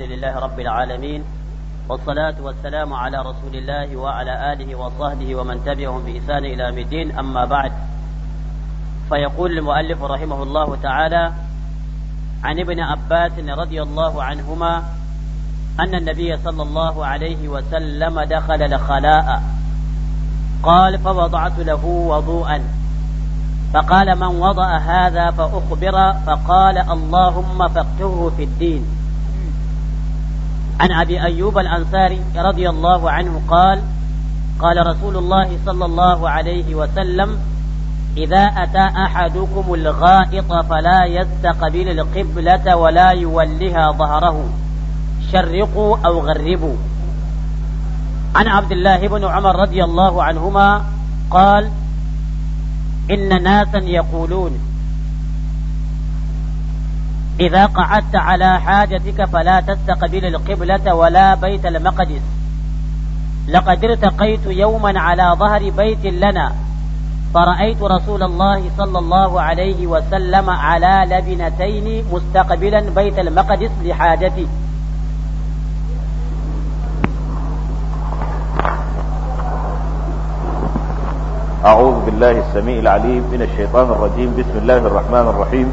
الحمد لله رب العالمين والصلاة والسلام على رسول الله وعلى آله وصحبه ومن تبعهم بإحسان إلى يوم الدين أما بعد فيقول المؤلف رحمه الله تعالى عن ابن عباس رضي الله عنهما أن النبي صلى الله عليه وسلم دخل الخلاء قال فوضعت له وضوءا فقال من وضع هذا فأخبر فقال اللهم فقهه في الدين عن ابي ايوب الانصاري رضي الله عنه قال قال رسول الله صلى الله عليه وسلم اذا اتى احدكم الغائط فلا يستقبل القبله ولا يولها ظهره شرقوا او غربوا عن عبد الله بن عمر رضي الله عنهما قال ان ناسا يقولون إذا قعدت على حاجتك فلا تستقبل القبلة ولا بيت المقدس لقد ارتقيت يوما على ظهر بيت لنا فرأيت رسول الله صلى الله عليه وسلم على لبنتين مستقبلا بيت المقدس لحاجته أعوذ بالله السميع العليم من الشيطان الرجيم بسم الله الرحمن الرحيم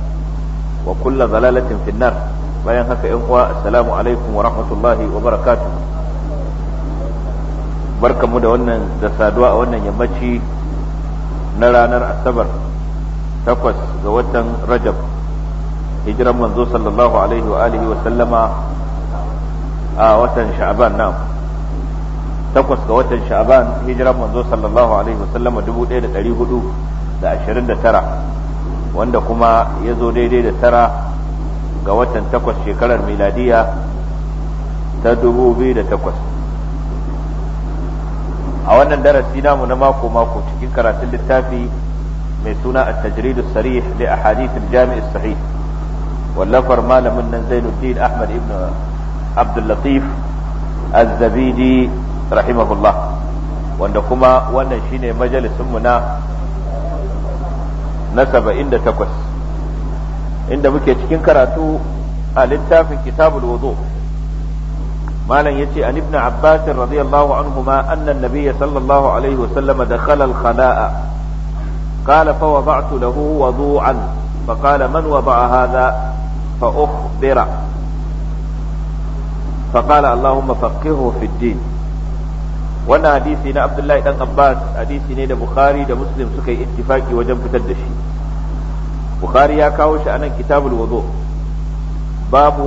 wa kulla zalalatin finnar bayan haka yan uwa assalamu alaikum wa rahmatullahi wa barakatuh barkamu da wannan da saduwa a wannan yammaci na ranar asabar takwas ga watan rajab hijiran manzo sallallahu alaihi wa wa sallama a watan sha'aban na takwas ga watan sha'aban hijiran manzo sallallahu alaihi wa sallama dubu ɗaya da ɗari hudu da ashirin da tara wanda kuma ya zo daidai da tara ga watan takwas shekarar miladiya ta dubu biyu da takwas a wannan darasi namu na mako-mako cikin karatun littafi mai suna a tajridu sarih li a hadithin jami'is sahih wallafar malamin nan zainuddin ahmad ibn abdullatif az-zabidi rahimahullah wanda kuma wannan shine majalisinmu na na saba'in da takwas inda muke cikin karatu a littafin kitabul wudu malam yace an ibn abbas radiyallahu anhuma anna an-nabiy sallallahu wa wasallam dakhala al-khala'a qala fa wada'tu lahu wudu'an fa qala man wada'a hadha fa ukhbira فقال اللهم فقهه في الدين wannan hadisi na abdullahi dan abbas hadisi ne da bukhari da muslim suka yi ittifaki wajen fitar da shi bukhari ya kawo shi a nan kitabul wudu babu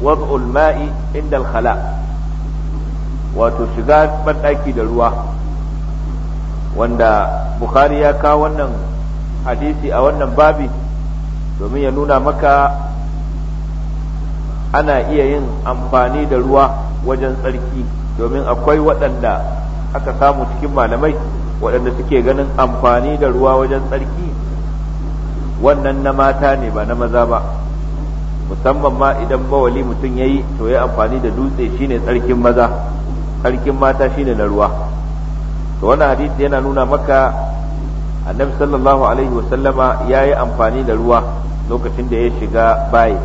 wad'ul ma'i inda al-khala wato shiga banɗaki da ruwa wanda bukhari ya kawo wannan hadisi a wannan babi domin ya nuna maka ana iya yin amfani da ruwa wajen tsarki domin akwai waɗanda aka samu cikin malamai waɗanda suke ganin amfani da ruwa wajen tsarki wannan na mata ne ba na maza ba musamman ma idan bawali mutum ya yi to ya amfani da dutse shine tsarkin maza tsarkin mata shine na ruwa to wannan hadisi yana nuna maka annabi sallallahu alaihi wasallama ya yi amfani da ruwa lokacin da ya shiga bayi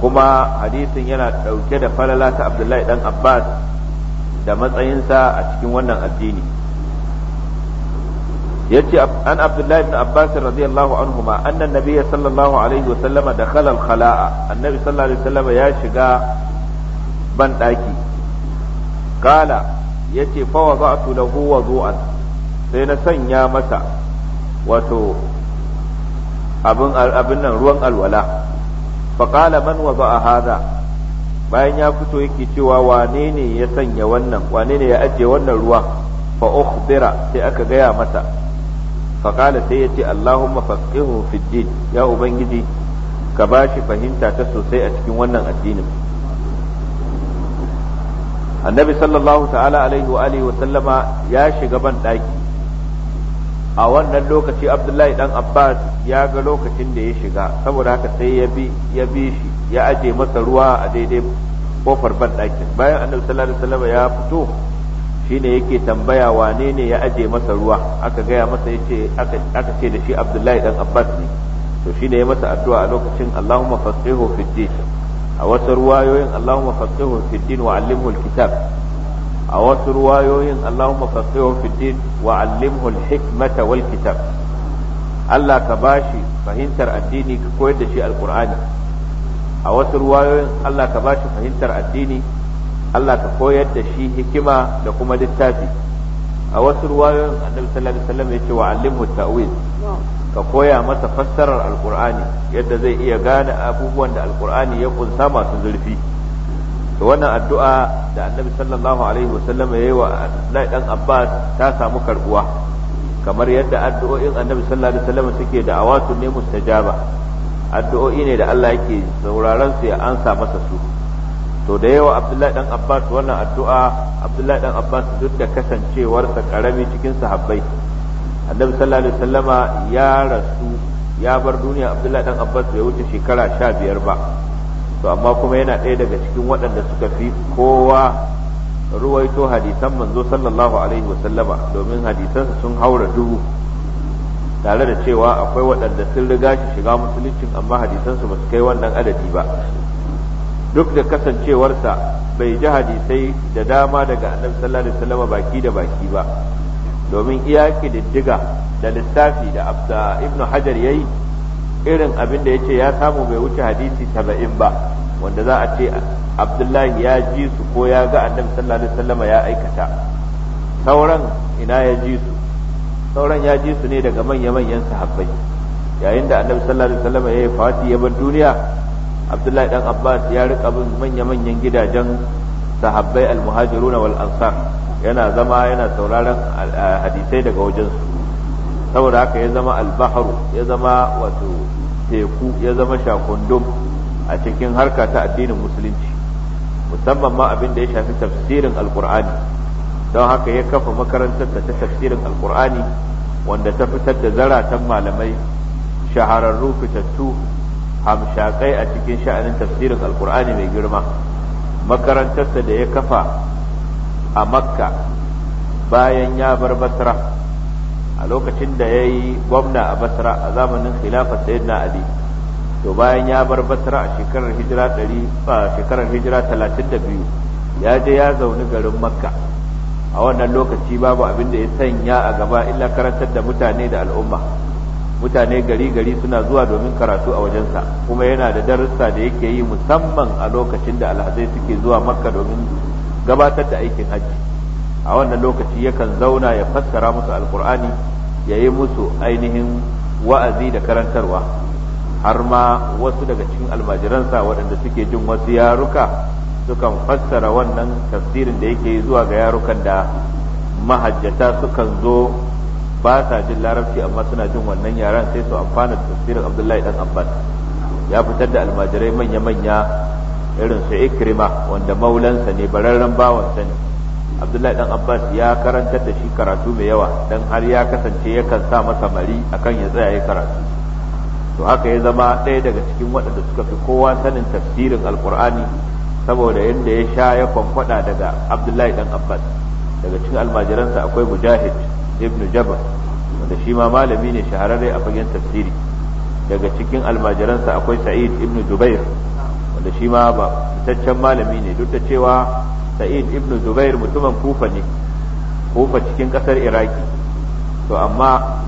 kuma hadisin yana ɗauke da falala ta abdullahi dan abbas da matsayinsa a cikin wannan addini ya ce an abdullahi ibn abbas radiyallahu ma annan nabiyya sallallahu alaihi wa sallama da khalal khala'a annabi sallallahu alaihi wa sallama ya shiga ban daki kala yace fa tula huwa wudu'an sai na sanya masa wato abin nan ruwan alwala faƙala man wa ba haza bayan ya fito yake cewa wane ne ya sanya wannan wane ne ya ajiye wannan ruwa fa ukhbira sai aka gaya masa faƙala sai ya ce allahumma faqihu fid din ya ubangiji ka ba shi fahimta ta sosai a cikin wannan addinin annabi sallallahu ta'ala alaihi wa alihi wa sallama ya shiga ban daki a wannan lokaci abdullahi dan abbas ya ga lokacin da ya shiga saboda haka sai ya bi ya bi shi ya aje masa ruwa a daidai kofar banɗakin bayan annabi sallallahu alaihi wasallam ya fito shine yake tambaya wane ne ya aje masa ruwa aka gaya masa yace aka ce da shi abdullahi dan abbas ne to shine ya masa addu'a a lokacin allahumma fasihu fid din a wasu ruwayoyin allahumma fasihu fid din wa allimhu alkitab a wasu ruwayoyin Allahumma fasihu fid din wa 'allimhu al-hikmata wal kitab Allah ka bashi fahimtar addini ka koyar da shi alqur'ani a wasu ruwayoyin Allah ka bashi fahimtar addini Allah ka koyar da shi hikima da kuma littafi a wasu ruwayoyin Annabi sallallahu alaihi wasallam yace wa 'allimhu tawil ka koya masa fassarar alqur'ani yadda zai iya gane abubuwan da alqur'ani ya kunsa masu zurfi to wannan addu'a da annabi sallallahu alaihi wasallam ya yi wa Abdullahi dan Abbas ta samu karbuwa kamar yadda addu'o'in annabi sallallahu alaihi wasallam suke da awatu ne mustajaba addu'o'i ne da Allah yake sauraron su ya ansa masa su to da yawa Abdullahi dan Abbas wannan addu'a Abdullahi dan Abbas duk da kasancewarsa karami cikin sahabbai annabi sallallahu alaihi wasallama ya rasu ya bar duniya Abdullahi dan Abbas bai wuce shekara 15 ba to amma kuma yana ɗaya daga cikin waɗanda suka fi kowa ruwaito hadisan manzo sallallahu alaihi wa sallama domin hadisansa sun haura dubu tare da cewa akwai waɗanda sun riga shi shiga musulunci amma hadisansu ba su kai wannan adadi ba duk da kasancewarsa bai ji hadisai da dama daga annabi sallallahu alaihi wasallam baki da baki ba domin da diga da littafi da abda ibn hajar yayi irin abin da yake ya samu bai wuce hadisi saba'in ba wanda za a ce abdullahi ya ji su ko ya ga annabi sallallahu alaihi wasallam ya aikata sauran ina ya ji su sauran ya ji su ne daga manya-manyan sahabbai yayin da annabi sallallahu alaihi wasallam ya yi fati ya bar duniya abdullahi dan abbas ya rika bin manya-manyan gidajen sahabbai almuhajiruna wal ansar yana zama yana sauraron eh, hadisai daga wajensu saboda haka ya zama albaharu ya zama wato teku ya zama shakundum a cikin harka ta addinin musulunci musamman ma abin da ya shafi tafsirin alkur'ani don haka ya kafa makarantar da ta tafsirin alkur'ani wanda ta fitar da zaratan malamai shahararru fitattu hamshakai a cikin sha'anin tafsirin alkur'ani mai girma makarantarsa da ya kafa a makka bayan ya bar basra a lokacin da ya yi gwamna a basra a zamanin khilafar sayyidina ali to bayan ya bar basra a shekarar hijira ɗari a shekarar hijira talatin da biyu ya je ya zauni garin makka a wannan lokaci babu abin da ya sanya a gaba illa karantar da mutane da al'umma mutane gari gari suna zuwa domin karatu a wajensa kuma yana da darussa da yake yi musamman a lokacin da alhazai suke zuwa makka domin gabatar da aikin hajji a wannan lokaci yakan zauna ya fassara musu alkur'ani ya yi musu ainihin wa'azi da karantarwa har ma wasu daga cikin almajiransa waɗanda suke jin wasu yaruka sukan fassara wannan tafsirin da yake zuwa ga yarukan da mahajjata sukan zo ba sa jin larabci amma suna jin wannan yaran sai su amfana da tafsirin abdullahi dan abbas ya fitar da almajirai manya-manya irin su ikrima wanda maulansa ne bararren bawansa ne abdullahi dan abbas ya karantar da shi karatu mai yawa dan har ya kasance yakan sa masa mari akan ya tsaya ya karatu to haka ya zama ɗaya daga cikin waɗanda suka fi kowa sanin tafsirin alkur'ani saboda yadda ya sha ya kwamfada daga abdullahi dan abbas daga cikin almajiransa akwai mujahid ibn jabal wanda shi ma malami ne shahararre a fagen tafsiri daga cikin almajiransa akwai sa'id ibn jubair wanda shi ma ba fitaccen malami ne duk da cewa sa'id ibn zubair mutumin kufa ne kufa cikin kasar iraki to amma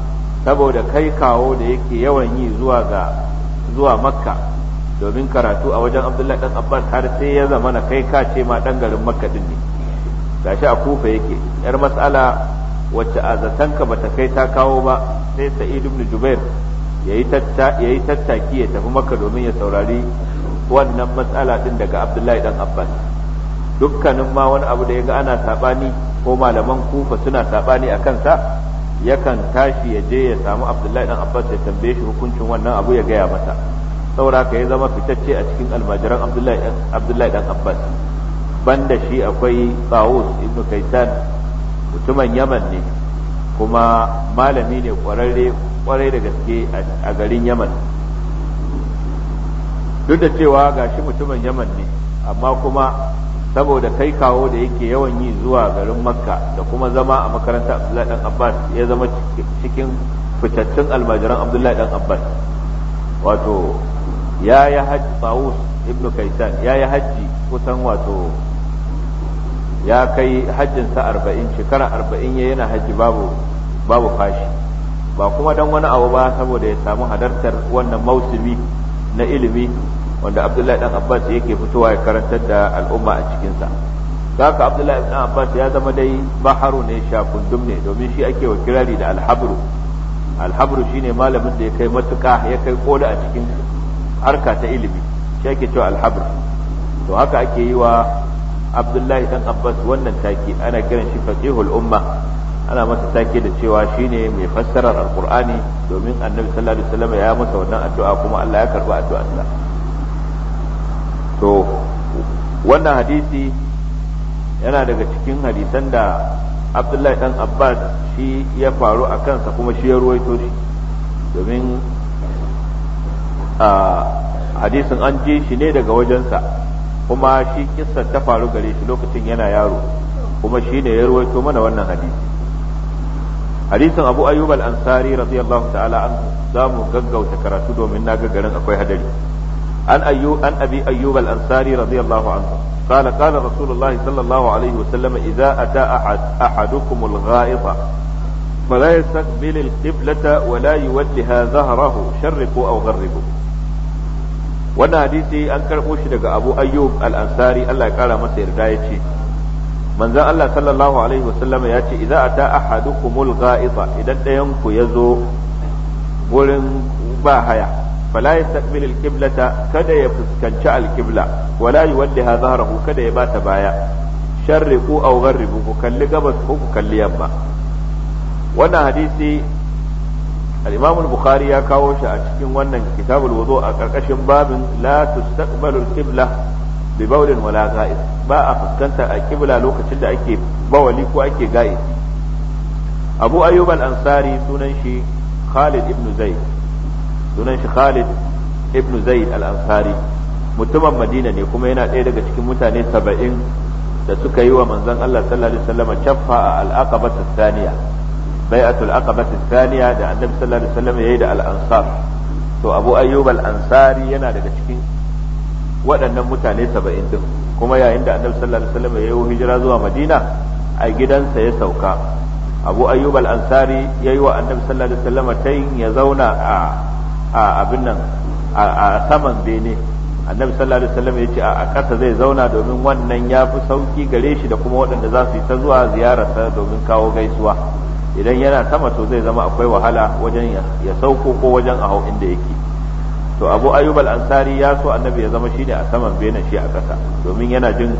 saboda kai kawo da yake yawan yi zuwa ga zuwa makka domin karatu a wajen abdullahi dan abbas har sai ya zama na kai ka ce ma dan garin makka din ne gashi a kufa yake yar mas'ala wacce a zatanka bata kai ta kawo ba sai sa'id ibn Zubair yayi yayi tattaki ya tafi makka domin ya saurari wannan matsala din daga abdullahi dan abbas dukkanin ma wani abu da ya ga ana saɓani ko malaman kufa suna saɓani a kansa yakan tashi ya je ya samu abdullahi dan abbas ya tambaye shi hukuncin wannan abu ya gaya masa. saboda haka ya zama fitacce a cikin almajiran abdullahi dan abbas banda shi akwai tsawus ibnu kaitan mutumin yaman ne kuma malami ne kwararre kwarai da gaske a garin yaman duk da cewa gashi mutumin yaman ne amma kuma saboda kai kawo da yake yawan yi zuwa garin makka da kuma zama a makaranta abdullahi dan abbas ya zama cikin fitattun almajiran abdullahi dan abbas wato ya yi hajji tsawus ibn kaisan ya yi hajji kusan wato ya kai hajjinsa arba'in shekara arba'in ya yana hajji babu fashi ba kuma dan wani abu ba saboda ya samu halartar wannan mausumi na ilimi wanda abdullahi dan abbas yake fitowa ya karantar da al'umma a cikinsa haka abdullahi dan abbas ya zama dai baharu ne shakundum ne domin shi ake wa kirari da alhabru alhabru shine malamin da ya kai matuka ya kai koda a cikin harka ta ilimi shi ake cewa alhabru to haka ake yi wa abdullahi dan abbas wannan take ana kiran shi fasihul umma ana masa take da cewa shine mai fassarar alqur'ani domin annabi sallallahu alaihi wasallam ya masa wannan addu'a kuma Allah ya karba addu'arsa to wannan hadisi yana daga cikin hadisan da abdullahi dan abbas shi ya faru a kansa kuma shi ya ruwaito shi domin hadisin an ji shi ne daga wajensa kuma shi kissa ta faru gare shi lokacin yana yaro kuma shi ne ya ruwaito mana wannan hadisi hadisin abu ayyub al-ansari radiyallahu ta'ala an za gaggauta karatu domin na ga garin akwai hadari an ayyu an abi ayyub al radiyallahu anhu qala qala rasulullah sallallahu alaihi wasallam idza ata ahadukum al-ghaiba فلا يستقبل القبلة ولا يولها ظهره شرقوا أو غربوا wannan hadisi an karɓo shi daga abu ayyub al'ansari ansari Allah ya kara masa yarda ya ce manzon Allah sallallahu alaihi wasallam ya ce idza ata ahadukumul ghaiza idan ɗayanku ya yazo wurin ba haya fala yastaqbil alqiblata kada ya fuskanci alkibla, wala yuwaddiha zahrahu kada ya bata baya sharriqu aw gharribu ku kalli gabas ko ku kalli yamma wannan hadisi al bukhari ya kawo shi a cikin wannan kitabul wazo a karkashin babin la tustaqbalu al-qibla wala ga'is ba a fuskanta al-qibla lokacin da ake bawali ko ake ga'is Abu Ayyub al-Ansari sunan shi Khalid ibn Zaid sunan shi Khalid ibn Zaid al-Ansari mutumin Madina ne kuma yana ɗaya daga cikin mutane saba'in da suka yi wa manzon Allah sallallahu alaihi wasallam caffa a al-aqaba tsaniya bai'atul aqaba tsaniya da annabi sallallahu alaihi wasallam yayi da al-ansar to Abu Ayyub al-Ansari yana daga cikin waɗannan mutane saba'in din kuma yayin da annabi sallallahu alaihi wasallam yayi hijira zuwa Madina a gidansa ya sauka Abu Ayyub al-Ansari yayi wa annabi sallallahu alaihi wasallam tayin ya zauna a a abin nan a saman bene annabi sallallahu alaihi wasallam ya ce a kasa zai zauna domin wannan ya fi sauki gare shi da kuma waɗanda za su yi ta zuwa ziyararsa domin kawo gaisuwa idan yana sama to zai zama akwai wahala wajen ya sauko ko wajen a hau inda yake to abu ayyub al-ansari ya so annabi ya zama shine a saman bene shi a kasa domin yana jin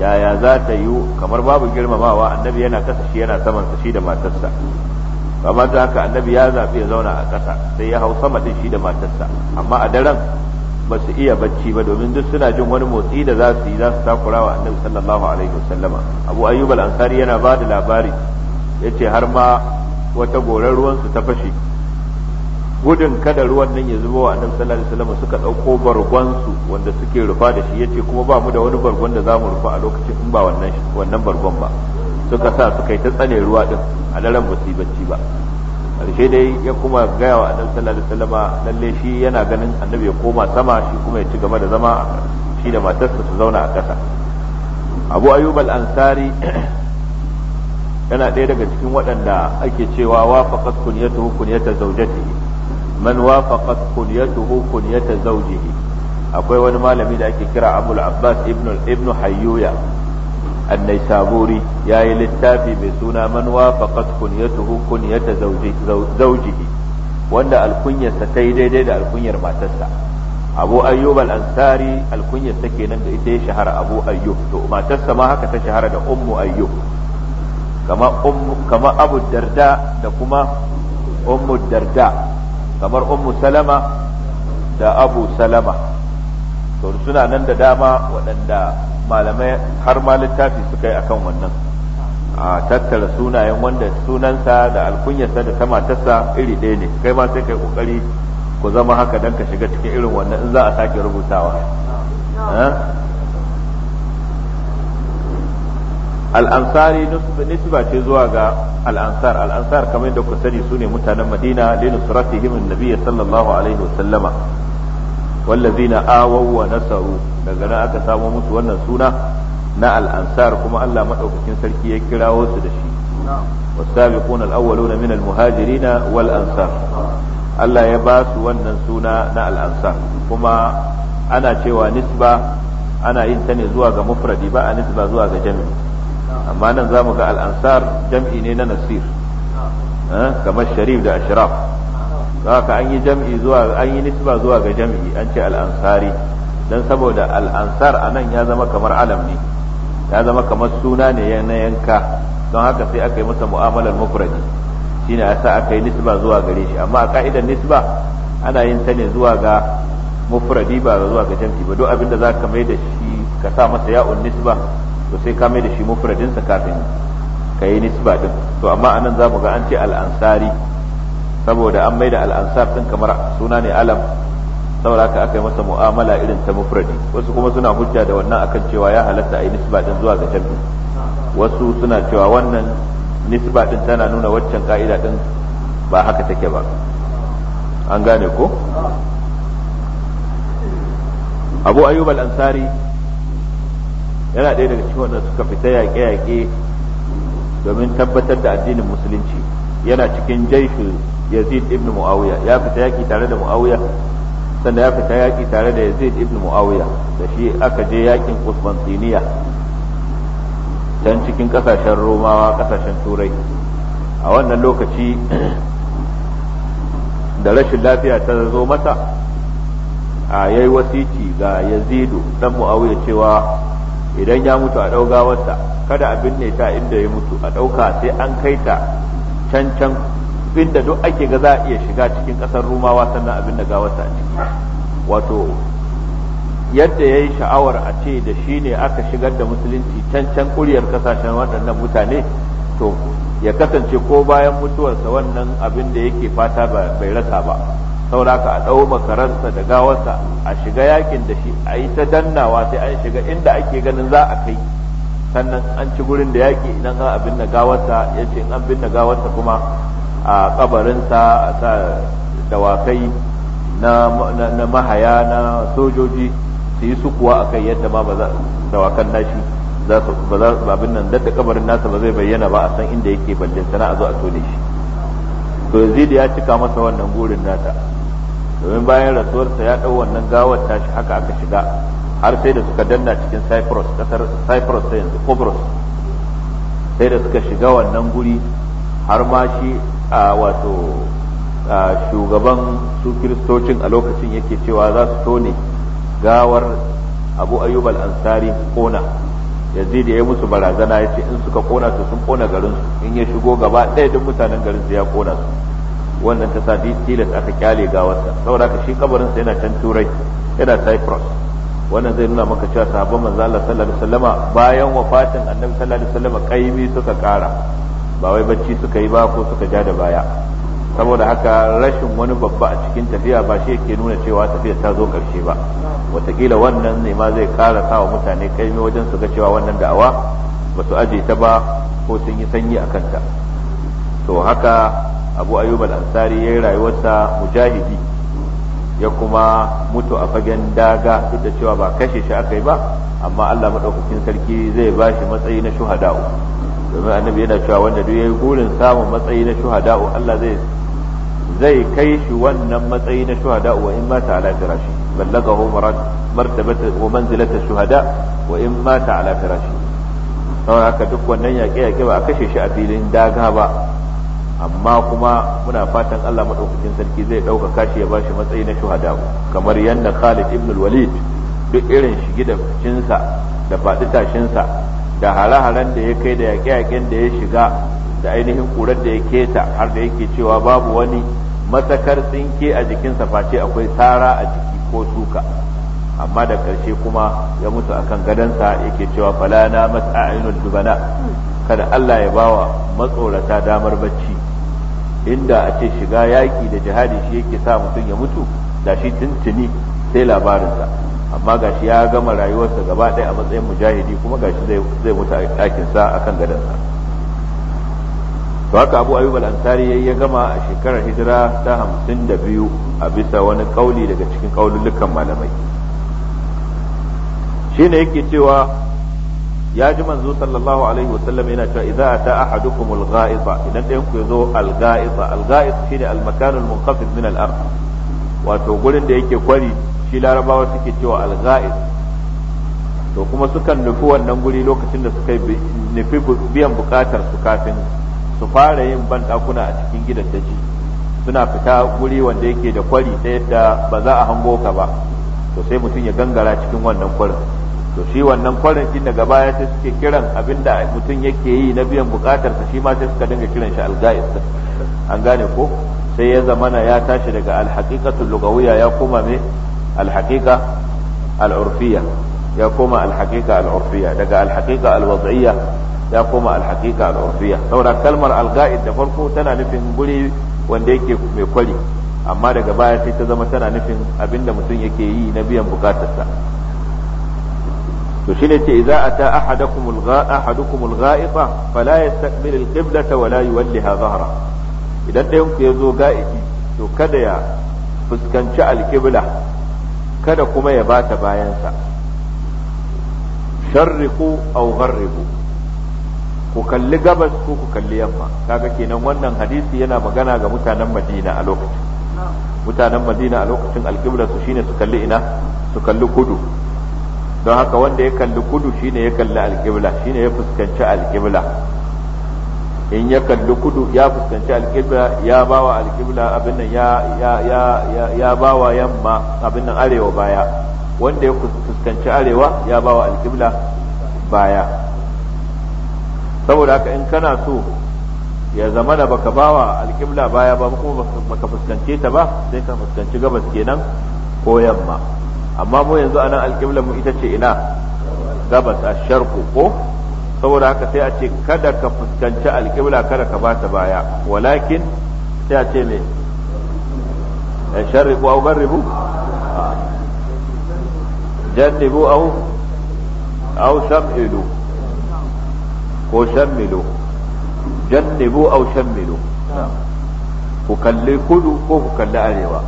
yaya za ta yiwu kamar babu girmamawa annabi yana kasa shi yana saman shi da matarsa amma da haka annabi ya zaɓi ya zauna a ƙasa sai ya hau sama din shi da matarsa amma a daren ba su iya bacci ba domin duk suna jin wani motsi da za su yi za su takura wa annabi sallallahu alaihi wasallama abu ayyub al-ansari yana ba da labari yace har ma wata gorar ruwan su ta fashe gudun kada ruwan nan ya zubo wa annabi sallallahu alaihi wasallama suka dauko bargon su wanda suke rufa da shi yace kuma ba mu da wani bargon da za mu rufa a lokacin in ba wannan bargon ba suka sa suka yi ta tsane ruwa din a daren musibanci ba karshe dai ya kuma gaya wa annabi sallallahu alaihi wasallama lalle shi yana ganin annabi ya koma sama shi kuma ya ci gaba da zama shi da matarsa su zauna a ƙasa abu ayyub al-ansari yana ɗaya daga cikin waɗanda ake cewa wafaqat kunyatuhu kunyata zawjatihi man wafaqat kunyatuhu kunyata zawjihi akwai wani malami da ake kira abul abbas ibn ibn hayyuya annai saburi ya yi littafi mai suna man wafaqat kunyatuhu kunyata zawjihi wanda alkunyarsa ta yi daidai da alkunyar matarsa abu ayyub al-ansari alkunyar ta kenan da ita ya shahara abu ayyub to matarsa ma haka ta shahara da ummu ayyub kama ummu kama abu darda da kuma ummu darda kamar ummu salama da abu salama to suna nan da dama waɗanda malamai har ma littafi suka yi akan wannan a tattara sunayen wanda sunansa da alkunyarsa da ta matarsa iri ɗaya ne kai ma sai kai kokari ku zama haka dan ka shiga cikin irin wannan in za a sake rubutawa eh? al'ansari nisba ce zuwa ga al'ansar al'ansar kamar yadda ku sani su ne mutanen madina himin nabiya sallallahu alaihi wasallama wallazina awaw wa nasaru daga nan aka samo musu wannan suna na al'ansar ansar kuma Allah madaukakin sarki ya kirawo su da shi والسابقون الأولون من المهاجرين والأنصار Allah ya ba su wannan suna na al'ansar kuma ana cewa nisba ana yin ta ne zuwa ga mufradi ba a nisba zuwa ga jam'i amma nan za mu ga al'ansar jam'i ne na nasir eh, kamar sharif da ashraf haka an yi jam'i zuwa an yi nisba zuwa ga jam'i an ce al'ansari dan saboda al'ansar a nan ya zama kamar alam ne ya zama kamar suna ne na yanka don haka sai aka yi masa mu'amalar mufradi shine yasa aka yi nisba zuwa gare shi amma a ka'idar nisba ana yin ta ne zuwa ga mufradi ba zuwa ga jam'i ba duk abin da zaka mai da shi ka sa masa ya'un nisba to sai ka mai da shi mufradin sa kafin ka yi nisba din to amma anan zamu ga an ce al'ansari saboda an maida al'ansar din kamar suna ne alam saboda haka aka yi masa mu'amala irin ta mufradi wasu kuma suna hujja da wannan akan cewa ya halatta a yi nisba din zuwa ga jam'i wasu suna cewa wannan nisba din tana nuna waccan ka'ida din ba haka take ba an gane ko abu ayyub al-ansari yana ɗaya daga cikin wanda suka fita yaƙe-yaƙe domin tabbatar da addinin musulunci yana cikin jaishin yazid ibn muawiya ya fita yaki tare da muawiya sannan ya fita yaki tare da yazid ibn muawiya da shi aka je yakin kusmantiniya can cikin kasashen romawa kasashen turai a wannan lokaci da rashin lafiya ta zo masa a yayi wasiti ga yazidu dan muawiya cewa idan ya mutu a ɗaugawarsa kada a binne ta inda ya mutu a ɗauka sai an kai ta can can da duk ake ga za a iya shiga cikin kasar rumawa sannan abin da gawarsa a ciki wato yadda ya yi sha'awar a ce da shi ne aka shigar da musulunci can can kuryar kasashen waɗannan mutane to ya kasance ko bayan mutuwarsa wannan abin da yake fata bai rasa ba sauraka a ɗau makaransa da gawarsa a shiga yakin da shi a yi ta dannawa sai an shiga inda ake ganin za a kai sannan an ci gurin da yaƙi idan an abin da gawarsa ya ce an abin da gawarsa kuma a kabarinsa a sa dawakai na mahaya na sojoji su yi sukuwa a kai yadda ma dawakan nashi za su babin nan daga kabarin nasa ba zai bayyana ba a san inda yake ballin sana a zo a tone shi to yazid ya cika masa wannan gurin nata domin bayan rasuwarsa ya dau wannan gawar tashi haka aka shiga har sai da suka danna cikin cyprus kasar cyprus yanzu cyprus sai da suka shiga wannan guri har ma shi a wato shugaban su kiristocin a lokacin yake cewa za su tone gawar abu ayyub ansari kona yazid ya yi musu barazana ya ce in suka kona su sun kona garin su in ya shigo gaba ɗaya duk mutanen garin su ya kona su wannan ta sa tilas aka kyale gawarsa saboda ka shi kabarin sa yana can turai yana cyprus wannan zai nuna maka cewa sahabban manzo Allah sallallahu alaihi wasallama bayan wafatin annabi sallallahu alaihi wasallama kaimi suka kara ba wai bacci suka yi ba ko suka ja da baya saboda haka rashin wani babba a cikin tafiya ba shi yake nuna cewa tafiya ta zo karshe ba watakila wannan ne ma zai kara sawa mutane kaimi wajen su ga cewa wannan da'awa ba su aje ta ba ko sun yi sanyi a kanta to haka abu ayyub al-ansari yi rayuwarsa mujahidi ya kuma mutu a fagen daga duk da cewa ba kashe shi aka yi ba amma Allah madaukakin sarki zai bashi matsayi na shuhada'u domin annabi yana cewa wanda duk yayi gurin samun matsayi na shuhada Allah zai kai shi wannan matsayi na shuhada wa in mata ala firashi ballagahu martabata wa manzilata shuhada wa in mata ala firashi saboda haka duk wannan yaƙe yaƙe ba a kashe shi a filin daga ba amma kuma muna fatan Allah maɗaukacin sarki zai ɗaukaka kashi ya ba shi matsayi na shuhada kamar yadda Khalid ibn al-Walid duk irin shige da da faɗi tashinsa da hare-haren da ya kai da yaƙe-yaƙen da ya shiga da ainihin ƙurar da ya keta har da yake cewa babu wani matakar tsinke a jikinsa face akwai tsara a jiki ko suka amma da ƙarshe kuma ya mutu akan gadansa yake cewa falana matsa'inul dubana kada Allah ya bawa matsorata damar bacci inda a ce shiga yaƙi da jihadi shi yake sa mutum ya mutu da shi tuntuni sai labarinsa amma gashi ya gama rayuwarsa gaba ɗaya a matsayin mujahidi kuma gashi zai mutu a ɗakin sa kan gadansa to haka abu ayyub al-ansari ya gama a shekarar hijira ta hamsin da biyu a bisa wani kauli daga cikin kaulullukan malamai shine yake cewa ya ji manzo sallallahu alaihi sallam yana cewa idza ata ahadukum al-ghaiza idan ɗayan ku yazo al-ghaiza al-ghaiz shine al-makan al-munqafid min al-ard wato gurin da yake kwari shi larabawa suke cewa alga'is to kuma sukan nufi wannan guri lokacin da suka nufi biyan bukatar su kafin su fara yin ban dakuna a cikin gidan daji suna fita guri wanda yake da kwari ta yadda ba za a hango ka ba to sai mutum ya gangara cikin wannan kwarin to shi wannan kwarin shi daga baya sai suke kiran abinda mutum yake yi na biyan bukatar sa shi ma sai suka dinga kiran shi alga'is an gane ko sai ya zamana ya tashi daga alhaqiqatul lugawiyya ya koma me alhaqiqa al'urfiya ya koma alhaqiqa al'urfiya daga alhaqiqa alwad'iyya ya koma alhaqiqa al'urfiya saboda kalmar alga'id da farko tana nufin guri wanda yake mai kwari amma daga baya sai ta zama tana nufin abinda mutum yake yi na biyan bukatarsa to shine ce idza ata ahadakum ahadukum algha'iqa fala yastaqbil alqiblata wala yuwalliha idan ɗayan ku to kada ya fuskanci alqibla kada kuma ya bata bayansa sharriku aw gharribu ku kalli gabas ko ku kalli yamma kaga kenan wannan hadisi yana magana ga mutanen Madina a lokacin mutanen Madina a lokacin alƙibla su shine su kalli ina su kalli kudu don haka wanda ya kalli kudu shine ya kalli alƙibla shine ya fuskanci alƙibla in ya kalli kudu ya fuskanci alƙibla ya bawa alƙibla abin nan ya bawa yamma abin nan arewa baya wanda ya fuskanci arewa ya bawa alƙibla baya saboda haka in kana so ya zama da baka bawa alƙibla baya ba kuma baka fuskance ta ba sai ka fuskanci gabas kenan ko yamma amma mu yanzu anan alƙibla mu ita ce ina gabas a sharku ko saboda haka sai a ce kada ka fuskanci alƙibla kada ka bata baya walakin sai a ce me sharribu au garribu jannibu au au shamilu ko shamilu jannibu au shamilu ku kalli kudu ko ku kalli arewa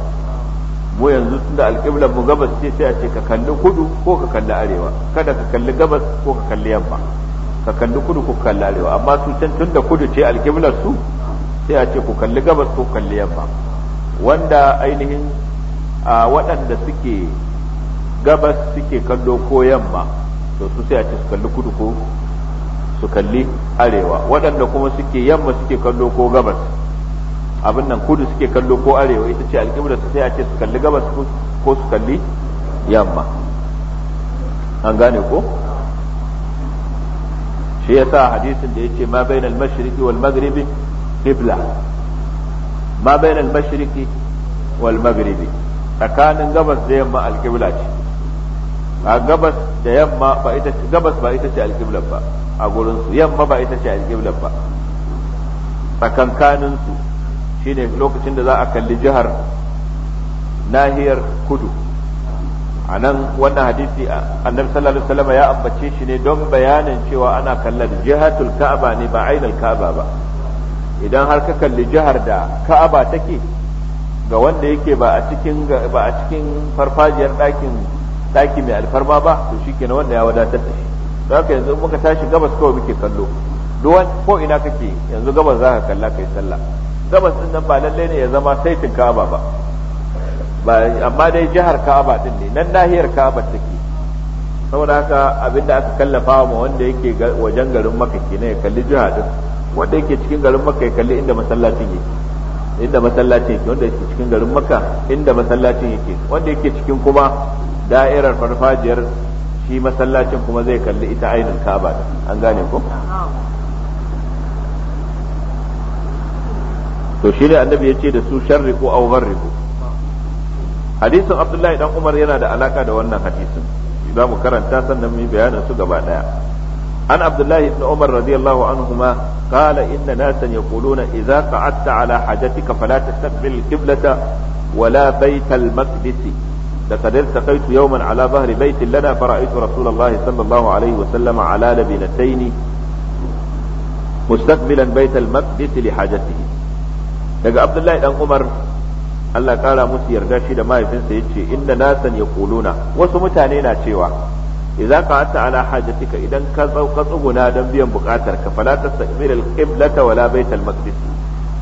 mu yanzu tunda alƙiblar mu gabas ce sai a ce ka kalli kudu ko ka kalli arewa kada ka kalli gabas ko ka kalli yamma ka kalli kudu ku kalli arewa amma su can tun da kudu ce alkiblar su sai a ce ku kalli gabas ko kalli yamma wanda ainihin a waɗanda suke gabas suke kallo ko yamma to su sai a ce su kalli kudu ko su kalli arewa waɗanda kuma suke yamma suke kallo ko gabas abin nan kudu suke kallo ko arewa ita ce alkiblar su sai a ce su kalli gabas ko su kalli yamma an gane ko shi ya sa hadisin da ya ce ma bai bainal mashiriki wal maghribi qibla ma bai bainal mashiriki wal maghribi tsakanin gabas da yamma alqibla ce a gabas da yamma ba ita ce gabas ba ita ce alqibla ba a gurin su yamma ba ita ce alqibla ba tsakankanin su shine lokacin da za a kalli jihar nahiyar kudu a nan wannan hadisi annabi sallallahu alaihi wasallam ya ambace shi ne don bayanin cewa ana kallar jihatul ka'aba ne ba ainul ka'aba ba idan har ka kalli jihar da ka'aba take ga wanda yake ba a cikin ba a cikin farfajiyar ɗakin ɗaki mai alfarma ba to shikenan wanda ya wadatar da shi don haka yanzu muka tashi gabas kawai muke kallo duwan ko ina kake yanzu gabas za ka kalla kai sallah gabas din nan ba lallai ne ya zama saitin ka'aba ba amma dai jihar Ka'aba din ne nan nahiyar Ka'aba take saboda haka abinda aka kallafa ma wanda yake wajen garin Makka kenan ya kalli jiha din wanda yake cikin garin Makka ya kalli inda masallacin yake inda masallacin yake wanda yake cikin garin Makka inda masallacin yake wanda yake cikin kuma da'irar farfajiyar shi masallacin kuma zai kalli ita ainin Ka'aba an gane ko to shi ne annabi ya ce da su sharriku au gharriku hadisin abdullahi dan umar yana da alaka da wannan hadisin za mu karanta sannan mu yi bayanin su gaba daya an abdullahi ibn umar radiyallahu anhu anhuma qala inna nasan yaquluna idza qa'adta ala hajatika fala tastaqbil qiblata wala baytal maqdis لقد التقيت يوما على ظهر بيت لنا فرأيت رسول الله صلى الله عليه وسلم على لبنتين مستقبلا بيت المقدس لحاجته daga abdullahi dan umar Allah ƙara musu yarda shi da mahaifinsa yace inda nasan ya kuluna wasu mutane na cewa idza qa'ata ala hajatika idan ka tsauka tsuguna don biyan bukatar ka fala tastaqbil al-qiblata wala baital maqdis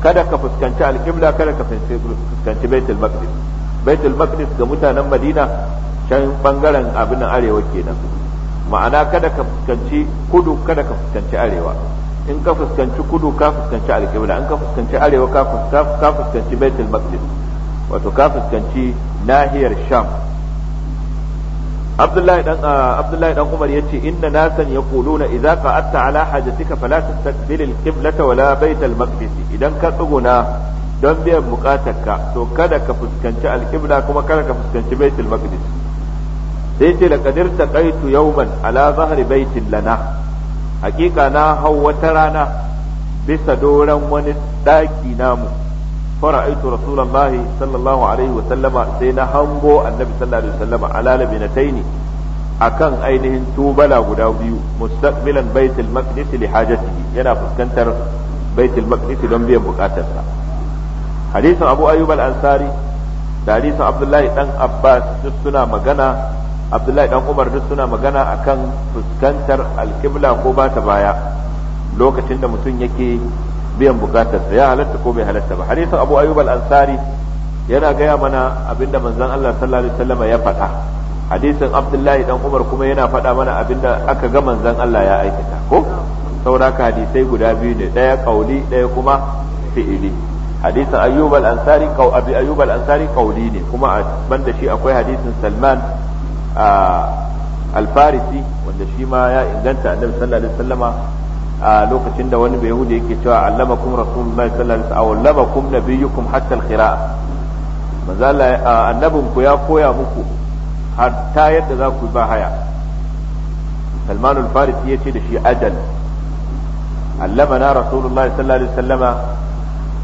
kada ka fuskanci al-qibla kada ka fuskanci baitul maqdis baitul maqdis ga mutanen Madina can bangaren abin arewa kenan ma'ana kada ka fuskanci kudu kada ka fuskanci arewa in ka fuskanci kudu ka fuskanci al alƙibla in ka fuskanci arewa ka fuskanci baitul maqdis wato ka fuskanci nahiyar sham abdullahi dan ah, abdullahi dan umar ya inna nasan yaquluna idza qa'adta ala hajatika fala tastaqbil al-qiblata wala bayt al idan ka tsuguna don biyan bukatarka to kada ka fuskanci al kuma kada ka fuskanci baitul maqdis sai ce laqadir taqaitu yawman ala zahri baitin lana hakika na hau wata rana bisa doran wani daki namu fara'aitu rasulullahi sai na hango annabi sallallahu alaihi wasallama ala labinataini akan ainihin tubala guda biyu mustaqbilan baitul maqdis li hajatihi yana fuskantar baitul maqdis don biyan bukatarsa hadisin abu ayyub al-ansari da hadisin abdullahi dan umar duk suna magana akan fuskantar alkibla ko ba ta baya lokacin da mutum yake biyan bukatarsa ya halatta ko bai halatta ba hadisin abu ayyub al-ansari yana gaya mana abinda manzon Allah sallallahu alaihi wasallam ya faɗa hadisin abdullahi dan umar kuma yana faɗa mana abinda aka ga manzon Allah ya aikata ko saboda hadisai guda biyu ne daya kauli daya kuma fi'ili hadisin ayyub al-ansari kau abi ayyub al-ansari kauli ne kuma a banda shi akwai hadisin salman al-farisi wanda shi ma ya inganta annabi sallallahu alaihi wasallama a lokacin da wani bayahudi yake cewa allama allamakum rasulullahi sallallahu alaihi wasallam allamakum nabiyyukum hatta al-qira'a manzo Allah annabin ku ya koya muku har ta yadda za ku ba haya Salman al-Farisi yace da shi ajal allama na rasulullahi sallallahu alaihi wasallama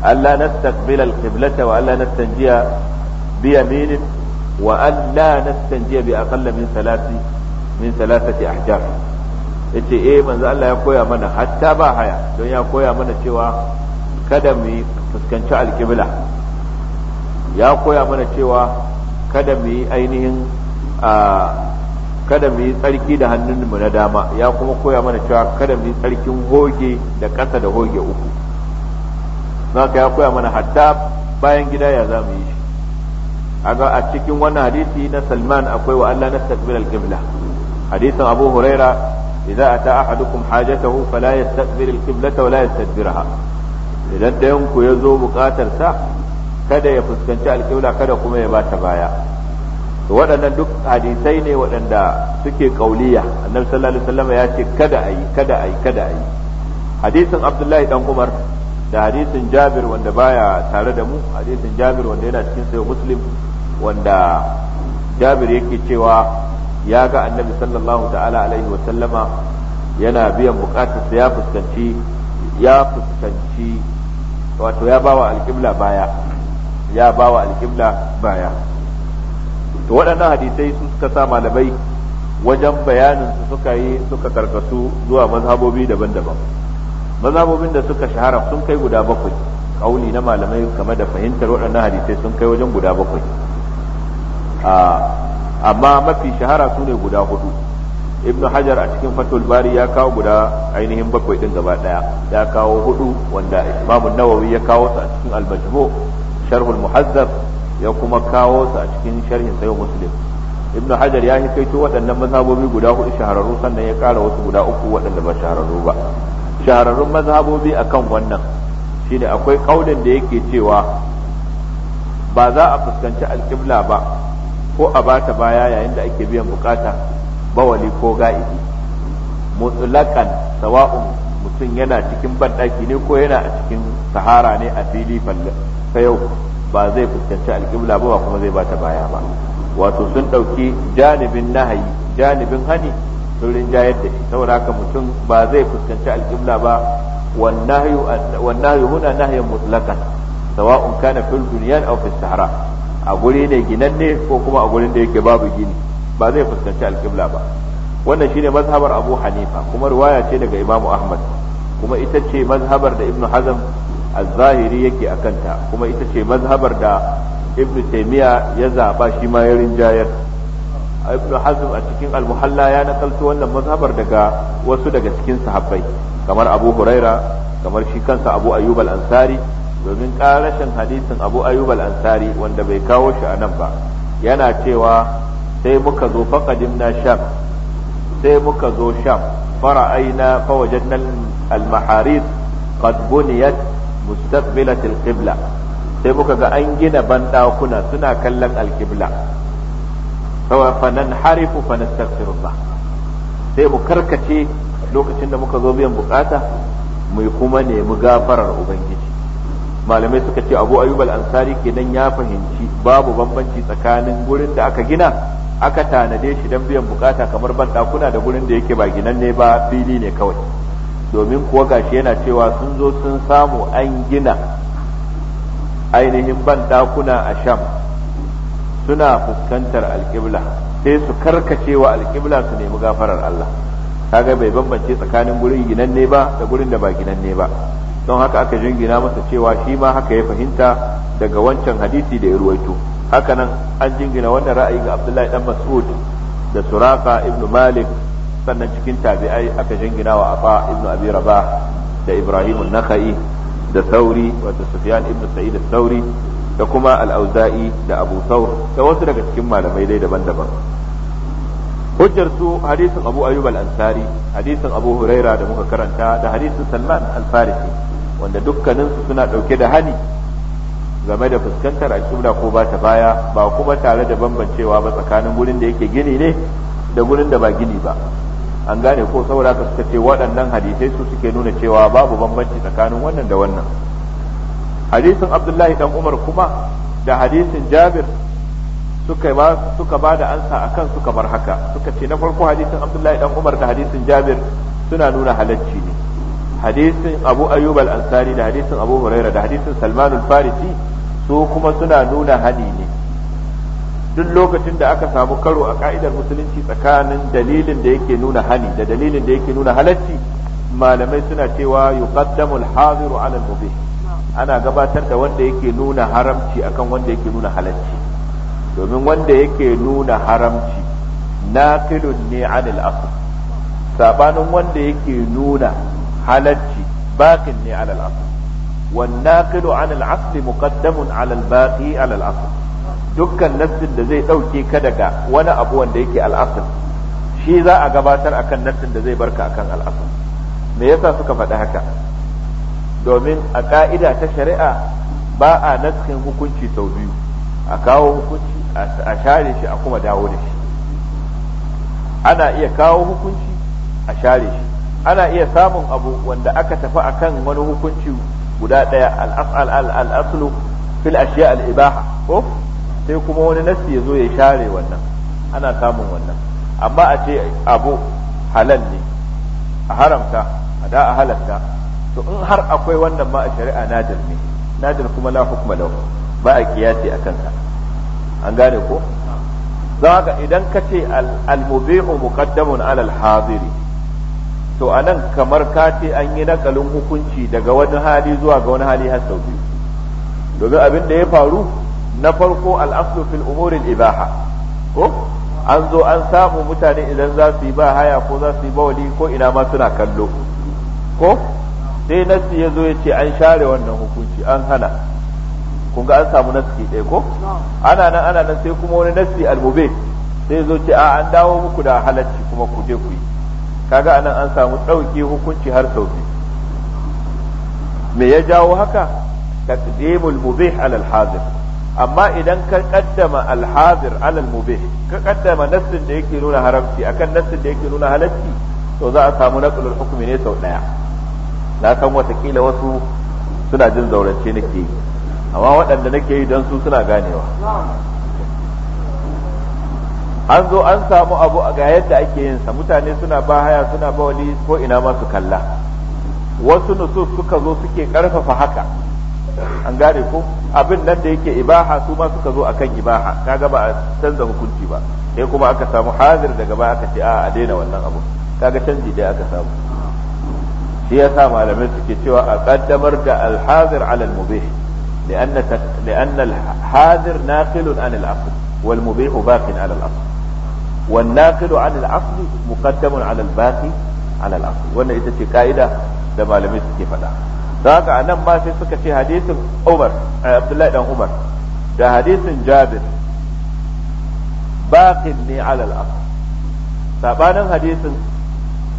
alla nastaqbila al-qiblata wa alla nastanjiya bi yamin wa alla nastanjiya bi aqalla min thalathi min thalathati ahjar yace eh manzo Allah ya koya mana hatta ba haya don ya koya mana cewa kada mu fuskanci alkibla ya koya mana cewa kada mu yi ainihin kada mu yi tsarki da hannunmu na dama ya kuma koya mana cewa kada mu yi tsarkin hoge da ƙasa da hoge uku zaka ya koya mana hatta bayan gida ya za yi shi a cikin wannan hadisi na salman akwai wa Allah na takbir al-qibla hadisin abu huraira ta a idza ata ahadukum hajatahu fala yastaqbil al ta wala ya yastadbirha idan dayan ku yazo bukatar sa kada ya fuskanci alƙibla kada kuma ya bata baya to waɗannan duk hadisai ne waɗanda suke kauliya annabi sallallahu alaihi wasallam ya ce kada ayi kada ayi kada ayi hadisin abdullahi dan umar da hadisin jabir wanda baya tare da mu hadisin jabir wanda yana cikin sayo muslim wanda jabir yake cewa ya ga annabi sallallahu ta'ala alaihi wasallama yana biyan bukatar ya fuskanci ya fuskanci wato ya bawa alƙibla baya ya bawa alƙibla baya to waɗannan hadisai su suka sa malamai wajen bayanin su suka yi suka karkasu zuwa mazhabobi daban-daban mazhabobin da suka shahara sun kai guda bakwai kauli na malamai game da fahimtar waɗannan hadisai sun kai wajen guda bakwai ah, amma mafi shahara su ne guda hudu ibnu hajar a cikin fatul bari ya kawo guda ainihin bakwai din gaba daya ya kawo hudu wanda imam nawawi ya kawo su a cikin al-majmu sharhul muhazzab ya kuma kawo su a cikin sharhin sayyid muslim ibnu hajar ya hikaito waɗannan mazhabobi guda hudu shahararru sannan ya kara wasu guda uku waɗanda ba shahararru ba shahararrun mazhabobi akan wannan shine akwai kaulin da yake cewa ba za a fuskanci alƙibla ba ko a bata baya yayin da ake biyan bukata bawali ko ga'idi mutlaqan sawa'un mutum yana cikin banɗaki ne ko yana a cikin sahara ne a fili fa yau ba zai fuskanci alƙibla ba kuma zai bata baya ba wato sun ɗauki janibin nahayi janibin hani sun rinjayar da shi saboda haka mutum ba zai fuskanci alƙibla ba والنهي هنا نهي مطلقا سواء كان في البنيان او في sahara. a guri ne ginanne ko kuma a gurin da yake babu gini ba zai fuskanci alƙibla ba wannan shine mazhabar abu hanifa kuma riwaya ce daga imamu ahmad kuma ita ce mazhabar da ibnu hazm az-zahiri yake akanta kuma ita ce mazhabar da ibnu taymiya ya zaba shi ma ya rinjayar ibnu hazm a cikin al-muhalla ya nakalto wannan mazhabar daga wasu daga cikin sahabbai kamar abu huraira kamar shi kansa abu ayyub al-ansari domin karashin hadisin abu ayyub al-ansari wanda bai kawo shi a nan ba yana cewa sai muka zo faqadimna sham sai muka zo sham fara'aina fawajadna al-maharib qad buniyat mustaqbilat al-qibla sai muka ga an gina banɗakuna suna kallon al-qibla fa nan harifu fa sai mu karkace lokacin da muka zo biyan bukata mu kuma nemi gafarar ubangiji malamai suka ce abu ayyub al-ansari kenan ya fahimci babu bambanci tsakanin gurin da aka gina aka tanade shi dan biyan bukata kamar ban dakuna da gurin da yake ba ginanne ba fili ne kawai domin kuwa gashi yana cewa sun zo sun samu an gina ainihin ban dakuna a sham suna fuskantar alƙibla sai su karkacewa alƙibla su nemi gafarar Allah kaga bai bambance tsakanin gurin ginanne ba da gurin da ba ginanne ba don haka aka jingina masa cewa shi ma haka ya fahimta daga wancan hadisi da ya ruwaito hakanan an jingina wannan ra'ayi ga abdullahi dan mas'ud da suraka ibnu malik sannan cikin tabi'ai aka jingina wa afa ibnu abi rabah da ibrahim an da sauri wato sufyan ibnu sa'id sauri da kuma al-auza'i da abu thawr da wasu daga cikin malamai dai daban-daban hujjar su hadisin abu ayyub al-ansari hadisin abu huraira da muka karanta da hadisin salman al-farisi wanda dukkaninsu suna ɗauke da hani game da fuskantar alƙibla ko ba ta baya ba kuma tare da bambancewa ba tsakanin gurin da yake gini ne da gurin da ba gini ba an gane ko saboda ka suka ce waɗannan hadisai su suke nuna cewa babu bambanci tsakanin wannan da wannan hadisin abdullahi dan umar kuma da hadisin jabir suka ba suka ba da ansa akan suka bar haka suka ce na farko hadisin abdullahi dan umar da hadisin jabir suna nuna halacci ne hadisin abu ayyub al-ansari da hadisin abu huraira da hadisin salman al-farisi su kuma suna nuna hani ne duk lokacin da aka samu karo a ka'idar musulunci tsakanin dalilin da yake nuna hani da dalilin da yake nuna halacci malamai suna cewa yuqaddamu al-hadiru ala al-mubih ana gabatar da wanda yake nuna haramci akan wanda yake nuna halacci domin wanda yake nuna haramci naqilun ne al asl sabanin wanda yake nuna halarci bakin ne alal asl wan naqilu an al asl muqaddamun ala al baqi ala al asl dukkan nassin da zai dauke ka daga wani abu wanda yake al asl shi za a gabatar akan nassin da zai barka akan al asl me yasa suka faɗi haka domin a ka'ida ta shari'a ba a naskin hukunci sau biyu a kawo hukunci a share shi a kuma dawo da shi ana iya kawo hukunci a share shi ana iya samun abu wanda aka tafi akan wani hukunci guda ɗaya al-aslu fil ashiya al-ibaha ko sai kuma wani nasi ya zo ya share wannan ana samun wannan amma a ce abu halal ne a haramta a da a halatta to in har akwai wannan ma a shari'a nadir ne nadir kuma la hukma lahu ba a kiyasi a kansa an gane ko za haka idan ka ce al-mubihu muqaddamun ala al-hadiri to anan kamar ka ce an yi nakalin hukunci daga wani hali zuwa ga wani hali har sau biyu domin abin da ya faru na farko al'aslu fil umurin ibaha ko an zo an samu mutane idan za su yi ba haya ko za su yi bawali ko ina ma suna kallo ko sai nasi ya zo ya ce an share wannan hukunci an hana kun ga an samu nasi ɗaya ko ana nan ana nan sai kuma wani nasi almube sai zo ce a an dawo muku da halacci kuma ku je ku yi kaga anan an samu ɗauki hukunci har sau biyu me ya jawo haka taqdimul mubih alal hazir amma idan ka kaddama alhazir alal mubih ka kaddama nassin da yake nuna haramci akan nassin da yake nuna halalci to za a samu naqlul hukmi ne sau daya na san watakila wasu suna jin zaurace nake amma waɗanda nake yi don su suna ganewa an zo an samu abu ga yadda ake yin sa mutane suna ba haya suna ba wani ko ina ma su kalla wasu nusus suka zo suke karfafa haka an gane ko abin nan da yake ibaha su ma suka zo akan ibaha kaga ba a canza hukunci ba sai kuma aka samu hazir daga baya aka ce a a daina wannan abu kaga canji dai aka samu shi yasa malamai suke cewa a kaddamar da alhazir ala almubih لأن لأن الحاضر ناقل عن العقل والمبيح باق على الأصل والناقل عن الأصل مقدم على الباقي على الأصل wannan ita ce ka'ida da malamai suke faɗa don haka a nan ma sai suka ce hadisin Umar Abdullahi dan Umar da hadisin Jabir baqin ne ala al-asl sabanin hadisin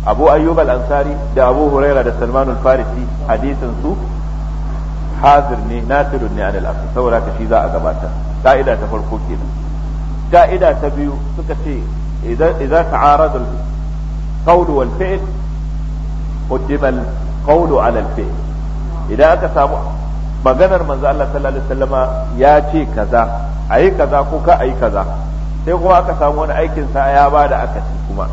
Abu Ayyub al-Ansari da Abu Huraira da Salman al-Farisi hadisin su hazir ne nasirun ne ala al saboda ka shi za a gabata ka'ida ta farko kenan ka'ida ta biyu suka ce إذا تعارض القول والفعل قدم القول على الفعل إذا أكسام maganar manzo Allah sallallahu alaihi wasallama ya ce kaza ayi kaza ko ka ayi kaza sai kuma aka samu wani aikin sa ya aka ci kuma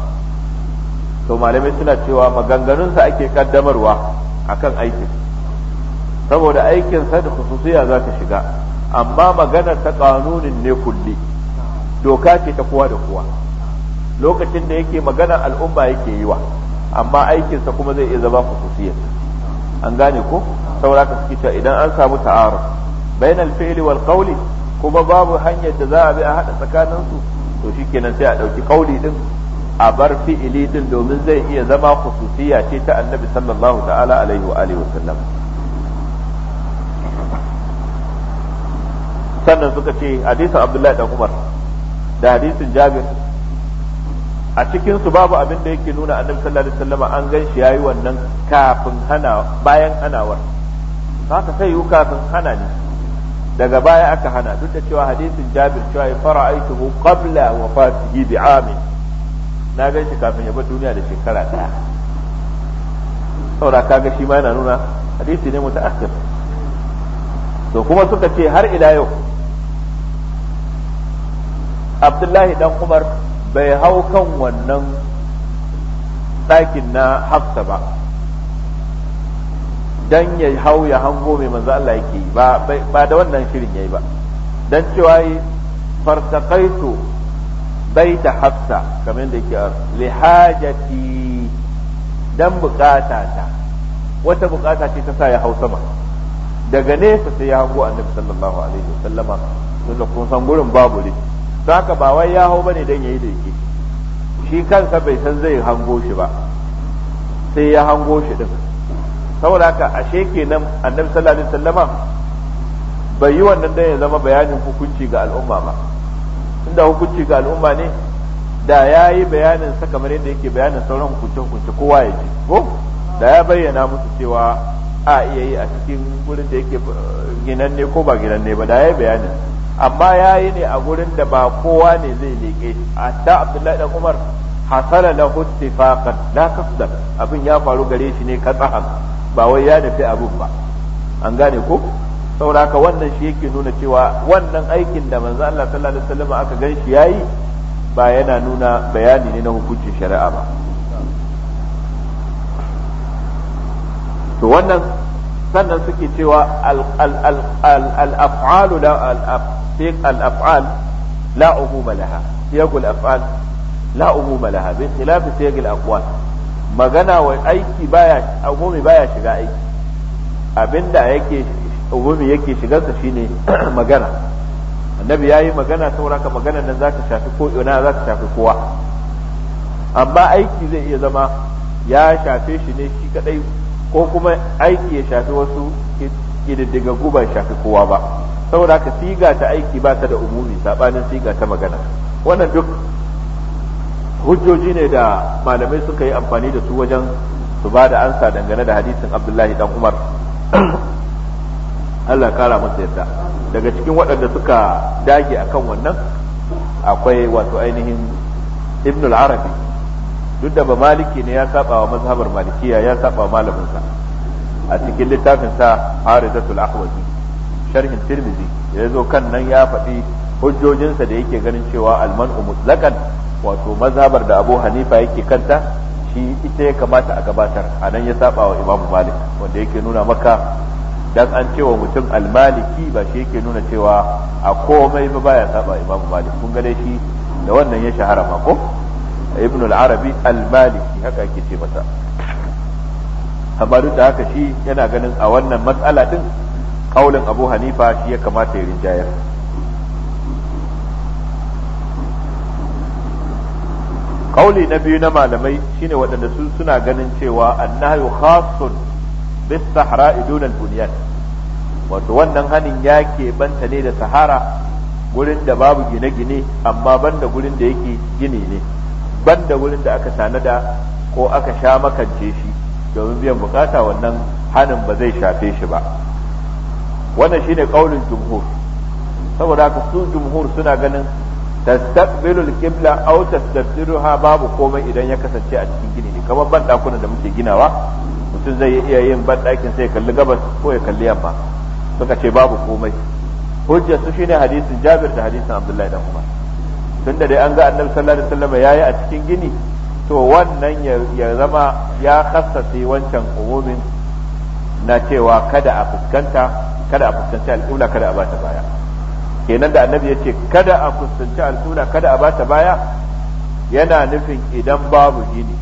to malamai suna cewa maganganun sa ake kaddamarwa akan aikin saboda aikin sa da khususiya za ta shiga amma maganar ta kanunin ne kulli doka ce ta kowa da kowa lokacin da yake magana al'umma yake yi wa amma aikinsa kuma zai iya zama khususiyya an gane ko saboda suke cewa idan an samu ta'aruf Bainar fi'li wal kauli kuma babu hanyar da za a bi a haɗa tsakanin su to shikenan sai a ɗauki kauli din a bar fi'ili din domin zai iya zama khususiyya ce ta annabi sallallahu ta'ala alaihi wa alihi sallam sannan suka ce hadisin abdullahi dan umar da hadisin jabir a cikin su babu abin da yake nuna annabi sallallahu alaihi wasallam an gan shi yayi wannan kafin hana bayan hanawar haka sai yi kafin hana ne daga baya aka hana duk da cewa hadisin Jabir cewa ya fara'aituhu qabla wafatihi bi amin na gan kafin ya bar duniya da shekara daya saboda kaga shi ma yana nuna hadisi ne mutaakhir to kuma suka ce har ila yau Abdullahi dan Umar bai hau kan wannan ɗakin na hafsa ba don ya hau ya hango mai manzo Allah yake yi ba da wannan shirin yayi ba don cewa yi bai baita hafsa kamar yadda yake lihajati don bukata ta wata bukata ce ta sa ya hau sama daga nesa sai ya hango annabi sallallahu alaihi wasallama sallama kun san gurin babu ne. haka ba wai ya hau bane dan yayi da yake shi kansa bai san zai hango shi ba sai ya hango shi din saboda haka ashe kenan annabi sallallahu alaihi wasallama bai yi wannan dan ya zama bayanin hukunci ga al'umma ba inda hukunci ga al'umma ne da ya yi bayanin sa kamar yadda yake bayanin sauran hukunce hukunce kowa ya ji ko da ya bayyana musu cewa a iya yi a cikin wurin da yake eh, ginanne ko ba ginanne ba da ya yi bayanin amma yayi ne a gurin da ba kowa ne zai leke hatta abdullahi dan umar hasala lahu ittifaqan la qasdan abin ya faru gare shi ne ka tsaha ba wai ya nufi abun ba an gane ko saboda ka wannan shi yake nuna cewa wannan aikin da manzo Allah sallallahu alaihi wasallam aka gan shi yayi ba yana nuna bayani ne na hukuncin shari'a ba to wannan sannan suke cewa al-af'alu la al-af'al la umuma laha siyagul af'al la umuma laha bi khilafi siyagil aqwal magana wa aiki baya umumi baya shiga aiki abinda yake umumi yake shigar sa shine magana annabi yayi magana saboda ka magana nan zaka shafi ko ina zaka shafi kowa amma aiki zai iya zama ya shafe shi ne shi kadai ko kuma aiki ya shafi wasu ƙididdiga ya shafi kowa ba saboda haka siga ta aiki ba ta da umumi saɓanin siga ta magana wannan duk hujjoji ne da malamai suka yi amfani da su wajen su ba da ansa dangane da hadisin abdullahi dan umar allah kara masa yadda daga cikin waɗanda suka dage akan wannan akwai wato ainihin ibn al-arabi duk da ba maliki ne ya saba wa mazhabar malikiya ya saba wa malaminsa a cikin littafin sa harizatul ahwazi sharhin tirmizi da ya zo kan nan ya faɗi hujjojinsa da yake ganin cewa al-man'u mutlaqan wato mazhabar da abu hanifa yake kanta shi ita ya kamata a gabatar a nan ya saba wa imamu malik wanda yake nuna maka dan an cewa mutum almaliki ba shi yake nuna cewa a komai ba baya saba imamu malik kun ga dai shi da wannan ya shahara ma ko ibn al-arabi al-maliki haka yake ce masa amma duk da haka shi yana ganin a wannan matsala din kaulin abu hanifa shi ya kamata ya rinjayar kauli na biyu na malamai shine waɗanda su suna ganin cewa annahu khasun bis sahara idun al-bunyan wato wannan hanin ya banta ne da sahara gurin da babu gine-gine amma banda gurin da yake gini ne da wurin da aka da ko aka sha makance shi domin biyan bukata wannan hanin ba zai shafe shi ba wannan shine kaulin jumhur saboda haka su jumhur suna ganin tastaqbilul qibla aw tastadiruha babu komai idan ya kasance a cikin gini ne kamar ban dakunan da muke ginawa mutum zai iya yin ban dakin sai ya kalli gabas ko ya kalli yamma suka ce babu komai hujjar su shine hadisin Jabir da hadisin Abdullahi da Umar tunda dai an ga annabi sallallahu alaihi wasallam yayi a cikin gini to wannan ya zama ya khassasi wancan umumin na cewa kada a fuskanta kada a fuskanci al'umma kada a bata baya kenan da annabi yace kada a fuskanci al'umma kada a bata baya yana nufin idan babu gini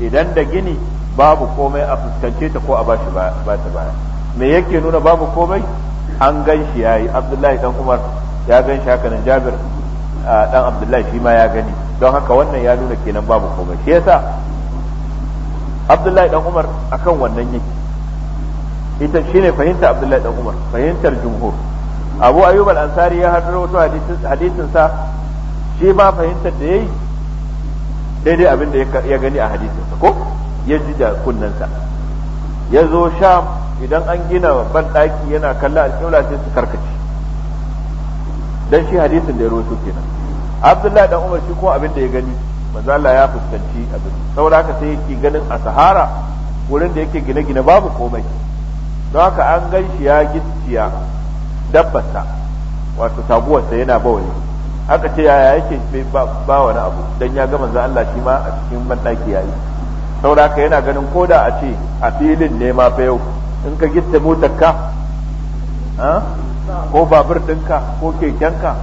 idan da gini babu komai a fuskance ta ko a bashi bata baya me yake nuna babu komai an gan shi yayi abdullahi dan umar ya gan shi haka nan jabir dan abdullahi shi ma ya gani don haka wannan ya nuna kenan babu komai shi yasa abdullahi dan umar akan wannan yake ita shine fahimta abdullahi dan umar fahimtar jumhur abu ayyub al-ansari ya hadaro wato hadisin sa shi ma fahimtar da yayi daidai abin da ya gani a hadisin sa ko ya ji da kunnansa ya zo sham idan an gina ban daki yana kalla alƙibla sai su karkace dan shi hadisin da ya rawaito kenan abdullahi dan umar shi ko abin da ya gani manzo Allah ya fuskanci abin saboda haka sai yake ganin a sahara wurin da yake gine-gine babu komai don haka an gan shi ya gicciya dabbata wato taguwarsa yana bawani aka ce yaya yake ba wani abu dan ya ga manzo Allah shi ma a cikin bandaki yayi saboda haka yana ganin koda a ce a filin ne ma fa yau in ka gitta motarka ah, ko babur ɗinka ko kekenka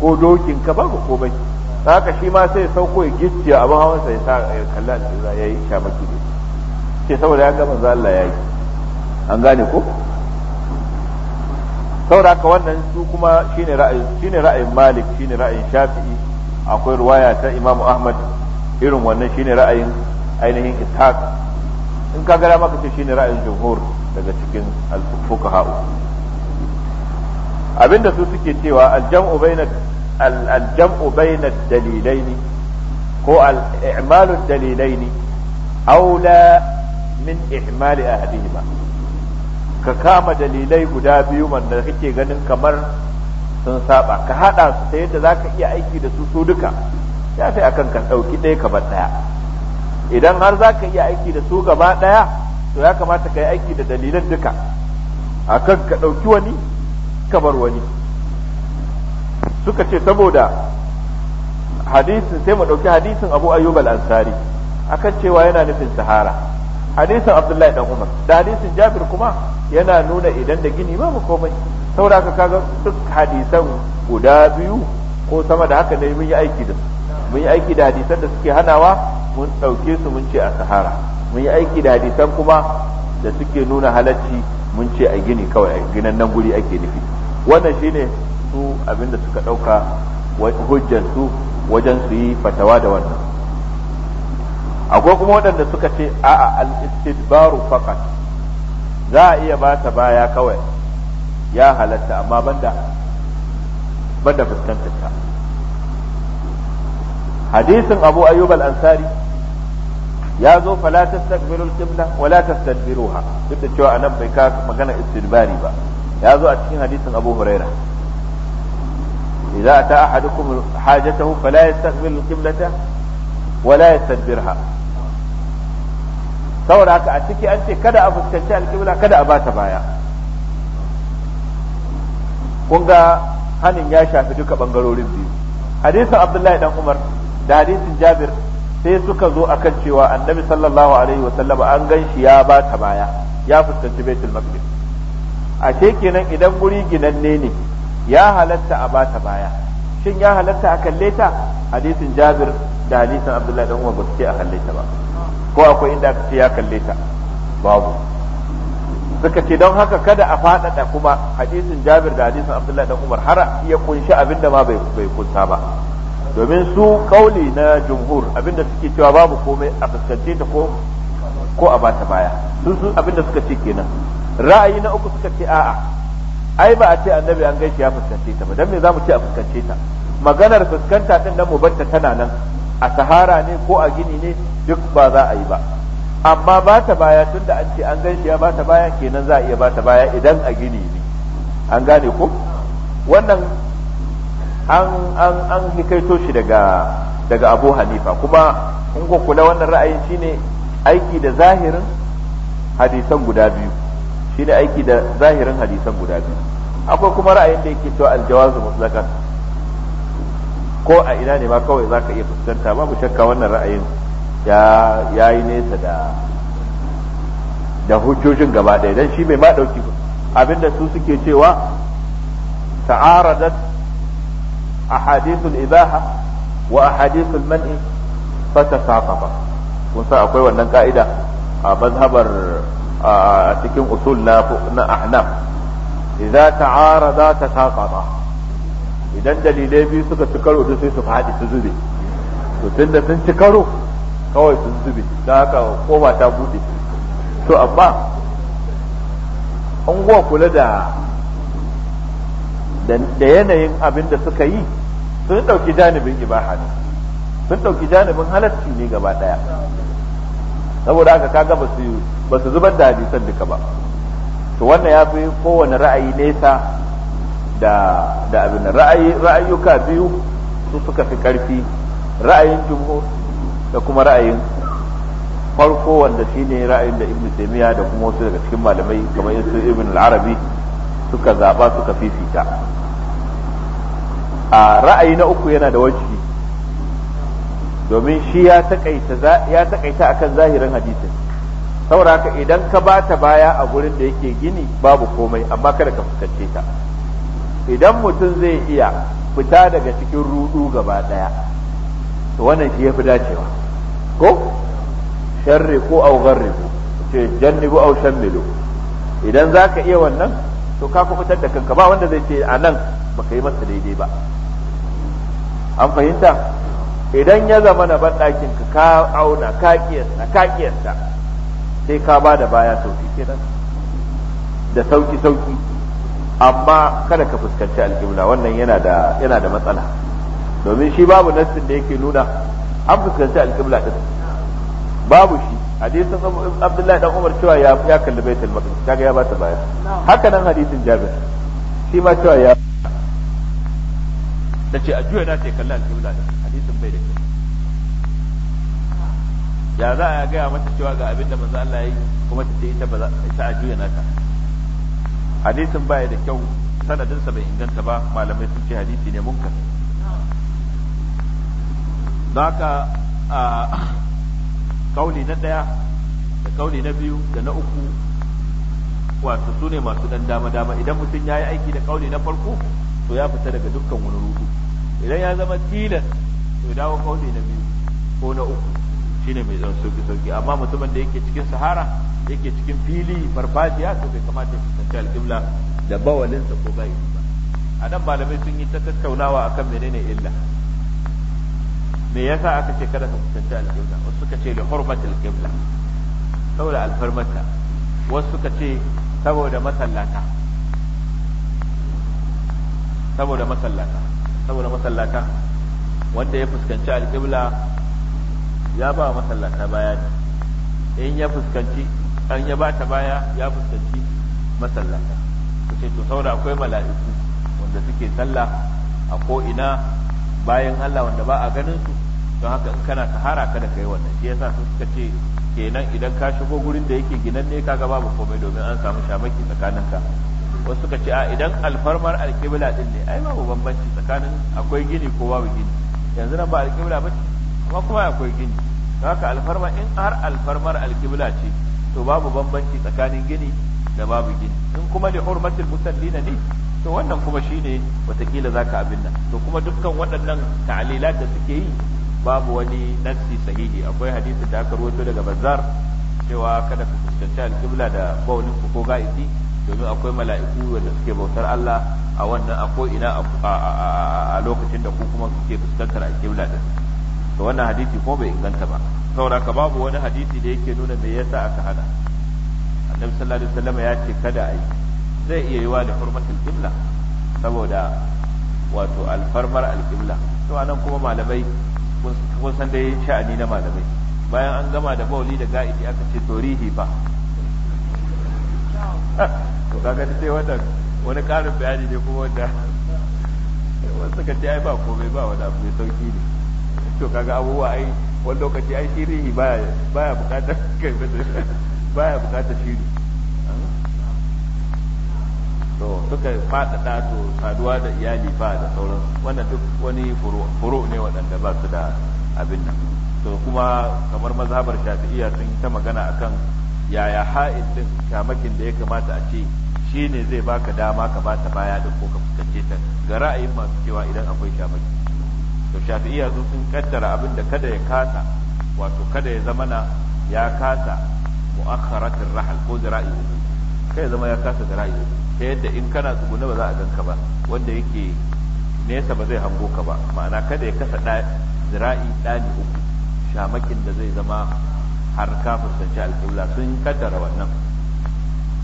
ko dokin ka ko komai haka shi ma sai sauko ya gicciya abin hawan sai sa ya kallan da za yi shamaki ne ce saboda ya ga manzo Allah yayi an gane ko saboda ka wannan su kuma shine ra'ayin shine ra'ayin Malik shine ra'ayin Shafi'i akwai ruwaya ta Imam Ahmad irin wannan shine ra'ayin ainihin Ishaq in ka gara maka ce shine ra'ayin jumhur daga cikin al fuqahau abinda su suke cewa aljam'u bainat aljam'u bainat dalilaini ko al-i'malu dalilaini aula min ihmali ahadihima ka kama dalilai guda biyu wanda kake ganin kamar sun saba ka hada su ta yadda zaka iya aiki da su su duka ya fi akan ka dauki ɗaya ka bar ɗaya idan har zaka iya aiki da su gaba ɗaya to ya kamata ka yi aiki da dalilan duka akan ka dauki wani ka bar wani suka ce saboda hadisin sai mu ɗauki hadisin abu ayyub al-ansari akan cewa yana nufin sahara hadisin abdullahi dan umar da hadisin jabir kuma yana nuna idan da gini babu komai saboda haka kaga duk hadisan guda biyu ko sama da haka ne mun yi aiki da mun yi aiki da hadisan da suke hanawa mun ɗauke su mun ce a sahara mun yi aiki da hadisan kuma da suke nuna halacci mun ce a gini kawai a ginan nan guri ake nufi wannan shine su abinda suka dauka hujjar su wajen su yi fatawa da wannan akwai kuma waɗanda suka ce a'a al-istidbaru faqat za a iya ba ta baya kawai ya halatta amma banda banda fuskantar ta hadisin abu ayyub al-ansari ya zo fala tastaqbilul qibla wala tastadbiruha duk da cewa anan bai ka magana istidbari ba ya zo a cikin hadisin abu huraira idza ata ahadukum hajatahu fala yastaqbilu qiblata wala yastadbirha saboda haka a ciki an ce kada a fuskanci alƙibla kada a bata baya kun ga hannun ya shafi duka bangarorin biyu hadisin abdullahi dan umar da hadisin jabir sai suka zo akan cewa annabi sallallahu alaihi wa sallama an gan shi ya bata baya ya fuskanci baitul maqdis ashe kenan idan guri ginanne ne ya halatta a bata baya shin ya halatta a kalle ta hadisin jabir da hadisin abdullahi dan umar ba su ce a kalle ta ba ko akwai inda aka ce ya kalle ta babu suka ce don haka kada a faɗaɗa kuma hadisin jabir da hadisin abdullahi dan umar har ya kunshi abin da ma bai kunsa ba domin su kauli na jumhur abinda suke cewa babu komai a fuskance ta ko ko a bata baya sun su abinda suka ce kenan ra'ayi na uku suka ce a'a ai ba a ce annabi an gaishe ya fuskance ta ba dan me zamu ce a fuskance ta maganar fuskanta din nan mubatta tana nan a sahara ne ko a gini ne duk ba za a yi ba amma ba ta baya tunda an ce an gaishe ya ba ta baya kenan za a iya ba ta baya idan a gini ne an gane ko wannan an an an hikaito shi daga daga Abu Hanifa kuma in kula wannan ra'ayin shine aiki da zahirin hadisan guda biyu shine aiki da zahirin hadisan guda biyu akwai kuma ra'ayin da yake cewa aljawazu mutlaqan ko a ina ne ma kawai zaka iya fuskanta babu shakka wannan ra'ayin ya yayi nesa da da hujjojin gaba ɗaya dan shi bai ma dauki abinda su suke cewa ta'aradat ahadithul ibaha wa ahadithul man'i fatasaqafa kun sa akwai wannan ka'ida a mazhabar a cikin usul na ahnaf idza ta'arada tasaqata idan dalilai biyu suka ci karo sai su faɗi su zube to tunda sun ci karo kawai sun zube da haka ba ta bude to amma an kula da da yanayin abin da suka yi sun ɗauki janibin ibaha ne sun ɗauki janibin halarci ne gaba ɗaya saboda haka kaga ba su ba su zubar da hadisan duka ba to wannan ya fi kowane ra'ayi nesa da da abin ra'ayi ra'ayuka biyu su suka fi karfi ra'ayin jumhur da kuma ra'ayin farko wanda shine ra'ayin da ibnu taymiya da kuma wasu daga cikin malamai kamar su ibn al-arabi suka zaba suka fifita a ra'ayi na uku yana da wajibi domin shi ya takaita ya takaita akan zahirin hadisin saboda ka idan ka bata baya a gurin da yake gini babu komai amma kada ka fuskance ta idan mutum zai iya fita daga cikin rudu gaba daya to wannan shi yafi dacewa ko sharri ko au gharribu ce jannibu au shammilu idan zaka iya wannan to ka fitar da kanka ba wanda zai ce a nan baka yi masa daidai ba an fahimta idan ya zama na banɗakin ka ka auna ka kiyasta ka kiyasta sai ka ba da baya sauki kenan da sauki sauki amma kada ka fuskanci alƙibla wannan yana da yana da matsala domin shi babu nassin da yake nuna an fuskanci alƙibla din babu shi hadisin Abdullahi dan Umar cewa ya ya kalli baitul maqdis kaga ya ba ta baya haka nan hadisin Jabir shi ma cewa ya dace a juya na ce kalli alƙibla din hadisin bai da kyau ya za a gaya mata cewa ga abin da manzo Allah ya yi kuma ta ce ita ba za a juya nata hadisin baya da kyau sanadinsa bai inganta ba malamai sun ce hadisi ne munkar don haka kauli na ɗaya da kauli na biyu da na uku wato su ne masu ɗan dama-dama idan mutum ya yi aiki da kauli na farko to ya fita daga dukkan wani rudu idan ya zama tilas to dawo kauli na biyu ko na uku shine mai zan sauki sauki amma mutumin da yake cikin sahara yake cikin fili farfajiya to bai kamata ya fuskanci alƙibla da bawalinsa ko bai ba a nan malamai sun yi ta tattaunawa akan menene illa me yasa aka ce kada ka fuskanci alƙibla wasu suka ce li hurmatil qibla saboda alfarmata wasu suka ce saboda masallata saboda masallata saboda masallata wanda ya fuskanci alƙibla ya ba masallata baya ne in ya fuskanci an ya ba ta baya ya fuskanci masallata ku ce to saura akwai mala'iku wanda suke sallah a ko'ina bayan Allah wanda ba a ganin su don haka in kana tahara kada ka yi wannan shi yasa suka ce kenan idan ka shigo gurin da yake ginan ne kaga babu komai domin an samu shamaki tsakaninka wasu suka ce a idan alfarmar alkibla din ne ai babu bambanci tsakanin akwai gini ko babu gini yanzu nan ba alƙibla ba amma kuma akwai gini haka alfarma in har alfarmar alƙibla ce to babu bambanci tsakanin gini da babu gini in kuma da hurmatil musallina ne to wannan kuma shine watakila zaka abin nan to kuma dukkan waɗannan ta'alilat da suke yi babu wani nassi sahihi akwai hadisi da aka rawaito daga bazar cewa kada ku fuskanci alƙibla da bawlin ku ko ga'idi domin akwai mala'iku wanda suke bautar Allah a wannan a ko'ina a lokacin da ku kuma kuke fuskantar a kibla din to wannan hadisi ko bai inganta ba saboda ka babu wani hadisi da yake nuna me yasa aka hana annabi sallallahu alaihi wasallam ya ce kada a yi zai iya yiwa da hurmatul kibla saboda wato alfarmar alqibla to anan kuma malamai kun san dai sha'ani na malamai bayan an gama da bauli da ga'idi aka ce torihi fa to kaga dai wannan wani ƙarin bayani ne kuma wanda wasu suka ce ai ba komai ba wani abu mai sauki ne to kaga abubuwa ai wani lokaci ai shirihi baya baya bukatar kai mata baya bukatar shiri to suka faɗaɗa to saduwa da iyali ba da sauran wanda duk wani furu ne waɗanda ba su da abin nan to kuma kamar mazhabar shafi'iyya sun ta magana akan yaya ha'id din kamakin da ya kamata a ce shi ne zai baka dama ka bata baya din ko ka fuskance ta ga ra'ayin masu cewa idan akwai shamaki to shafi'iyya su sun kaddara abin da kada ya kasa wato kada ya zama na ya kasa mu'akharatin rahal ko da zira'i kai zama ya kasa da zira'i ta yadda in kana tsugune ba za a ganka ba wanda yake nesa ba zai hango ka ba ma'ana kada ya kasa ra'ayi ɗani uku shamakin da zai zama har ka fuskanci alƙibla sun kaddara wannan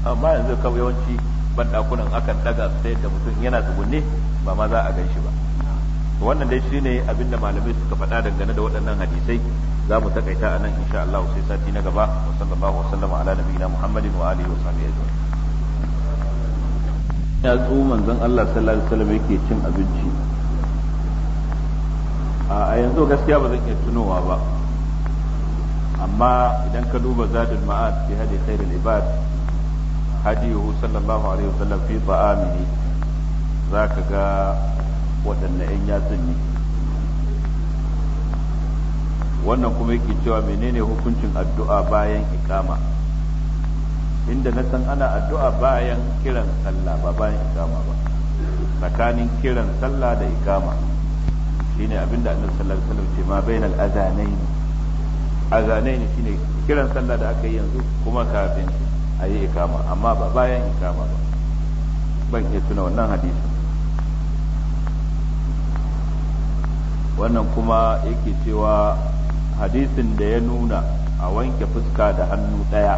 amma yanzu kawai yawanci bandakunan akan daga sai da mutum yana tsugunne ba ma za a gan shi ba wannan dai shine abinda malamai suka faɗa dangane da waɗannan hadisai za mu takaita a nan insha Allah sai sati na gaba wa sallallahu wa sallama ala nabiyina Muhammadin wa alihi wa sahbihi ajma'in ya tsu manzon Allah sallallahu alaihi wasallam yake cin abinci a yanzu gaskiya ba zan iya tunowa ba amma idan ka duba zadin ma'ad fi hadi khairul ibad hadiyuhu sallallahu alaihi wasallam fi ta'amihi zaka ga waɗanne ƴan yatsun ne wannan kuma yake cewa menene hukuncin addu'a bayan ikama inda na san ana addu'a bayan kiran sallah ba bayan ikama ba tsakanin kiran sallah da ikama shine abinda annabi sallallahu alaihi wasallam ce ma bainal adhanaini a zane ne shine kiran sallah da aka yi yanzu kuma kafin a yi ikama amma ba bayan ikama ba ban iya tuna wannan hadisi wannan kuma yake cewa hadisin da ya nuna a wanke fuska da hannu ɗaya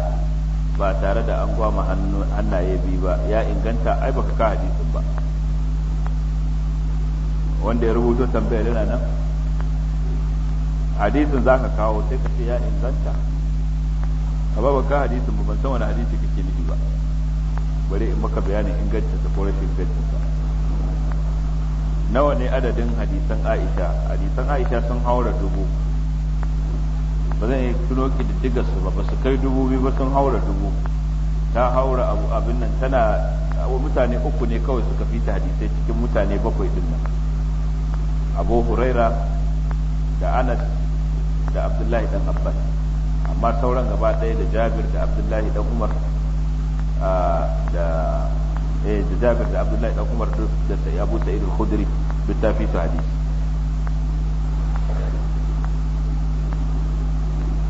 ba tare da an gwama hannaye biyu ba ya inganta ai baka ka hadisin ba wanda ya rubuto tambayar yana nan hadisin za ka kawo sai ka ce ya inganta a ba ka hadisin ba ban san wani hadisi kake nufi ba bari in maka bayanin ingancin ta ko rashin ingancin sa nawa ne adadin hadisan Aisha hadisan Aisha sun haura dubu ba zan yi tuno diga su ba ba su kai dubu biyu ba sun haura dubu ta haura abu abin nan tana mutane uku ne kawai suka fita hadisai cikin mutane bakwai din nan abu huraira da anas da abdullahi dan abbas amma sauran gaba ɗaya da jabir da abdullahi dan umar da eh da jabir da abdullahi dan umar da abu sa'id al-khudri duk ta fi su hadisi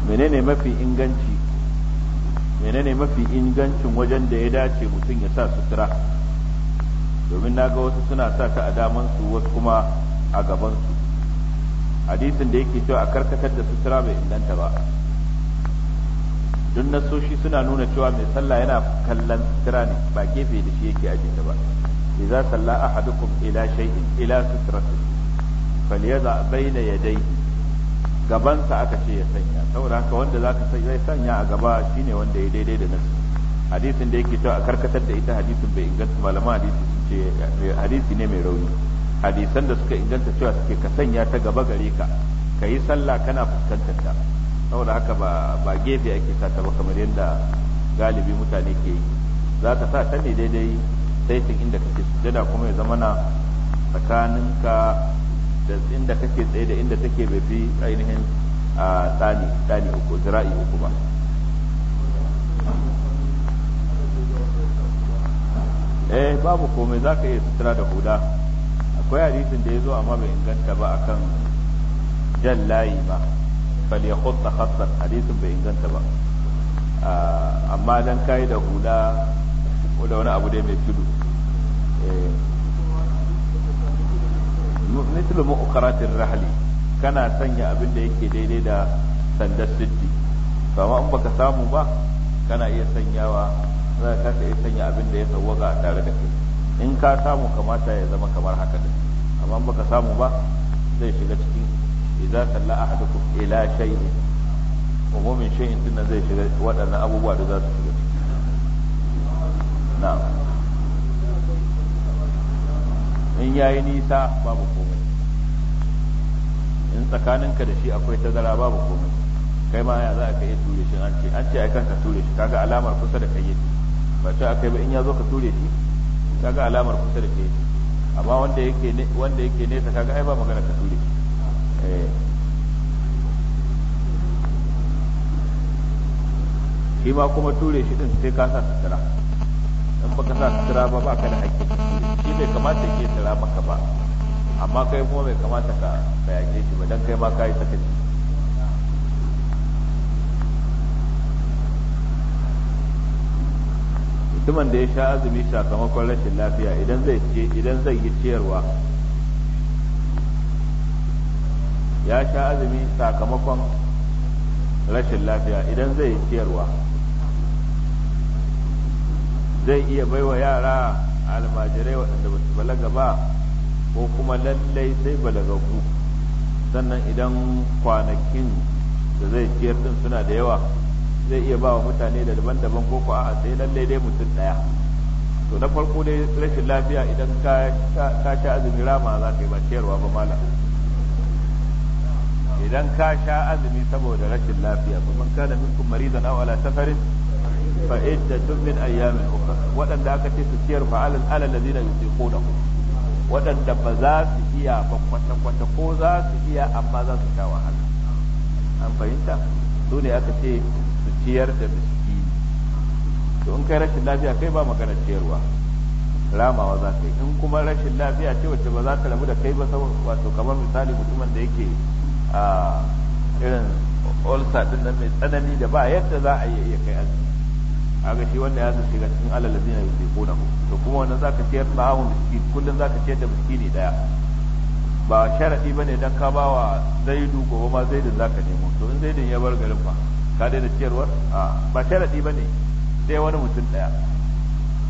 menene mafi inganci menene mafi ingancin wajen da ya dace mutum ya sa sutura domin na ga wasu suna sa ta a damansu wasu kuma a gabansu hadisin da yake cewa a karkatar da sutura bai inganta ba duk nasoshi suna nuna cewa mai sallah yana kallon sutura ne ba gefe da shi yake ajinta ba idza salla ahadukum ila shay'in ila sutratin falyaza baina yadayhi gabansa aka ce ya sanya saboda haka wanda zaka sai zai sanya a gaba shine wanda ya daidai da nasu hadisin da yake cewa a karkatar da ita hadisin bai inganta malaman hadisi sun ce eh, hadisi ne mai rauni hadisan da suka inganta cewa suke ka sanya ta gaba gare ka ka yi sallah kana fuskantar ta saboda haka ba ba gefe ake sa ta ba kamar yadda galibi mutane ke yi za ka sa ta ne daidai saitin inda kake sujada kuma ya zama na tsakaninka da inda kake tsaye da inda take bai fi ainihin a tsani tsani uku zira'i uku ba eh babu komai za ka iya sutura da huda akwai hadisin da ya zo amma bai inganta ba akan jan layi ba bal ya khutta khassan hadisin bai inganta ba ah, amma dan kai da hula ko da wani abu dai mai tudu eh, mislu mu'karatir rahli kana sanya abin da yake daidai da sandar siddi amma in baka samu ba kana iya sanyawa za ka iya sanya abin da ya sawwaka tare da kai in ka samu kamata ya zama kamar haka din amma baka samu ba zai shiga cikin idza salla ahadukum ila shay'in mumin shay'in din zai shiga waɗannan abubuwa da za su shiga ciki na'am in yayi nisa babu komai in tsakaninka da shi akwai tazara babu komai kai ma ya za ka yi ture shi an ce an ce ai kanka ture shi kaga alamar kusa da kai ba ce akai ba in ya zo ka ture shi kaga alamar kusa da kai amma wanda yake wanda nesa kaga ai ba magana ka ture eh. shi ma kuma ture shi din sai ka sa sutura in baka sa sutura ba ba ka da hakki shi bai kamata ke sutura maka ba amma kai kuma bai kamata ka yake shi ba don kai ma ka yi sakaci mutumin da ya sha azumi sakamakon rashin lafiya idan zai ce idan zai yi ciyarwa ya sha azumi sakamakon rashin lafiya idan zai yi ciyarwa zai iya baiwa yara almajirai waɗanda ba su balaga ba ko kuma lallai sai balagaku sannan idan kwanakin da zai ciyar din suna da yawa zai iya ba wa mutane da daban-daban ko kuwa a'a sai lalle dai mutum daya to na farko dai rashin lafiya idan ka sha azumi rama za ka yi ba ciyarwa ba mala idan ka sha azumi saboda rashin lafiya kuma kana minkum maridan aw ala safarin fa tun min ayyamin ukra waɗanda aka ce su ciyar fa alal alal ladina yusiquna waɗanda ba za su iya ba kwata kwata ko za su iya amma za su sha wahala an fahimta su ne aka ce ciyar da miskini to in kai rashin lafiya kai ba magana ciyarwa ramawa za ka yi in kuma rashin lafiya ce wacce ba za ta rabu da kai ba wato kamar misali mutumin da yake a irin olsa din nan mai tsanani da ba yadda za a iya kai azumi ga shi wanda ya zace ga cikin alal ladina ku to kuma wannan ka ciyar da miskini kullum za ka ciyar da miskini daya ba sharadi bane dan ka bawa zaidu gobe ma za zaka nemo to in zaidin ya bar garin ba ka daina ciyarwar ba sharadi ba ne sai wani mutum ɗaya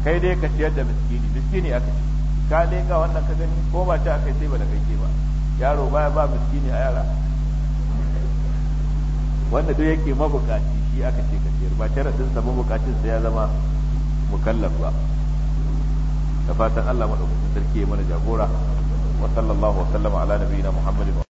kai dai ka ciyar da miskini miskini aka ce ka ga wannan ka gani ko ba ta aka sai ba da kake ba yaro baya ba miskini a yara wanda duk yake mabukaci shi aka ce ka ciyar ba sharadin sa mabukacin sai ya zama mukallaf ba da fatan Allah madaukakin sarki ya mana jagora wa sallallahu wa sallama ala nabiyina Muhammadin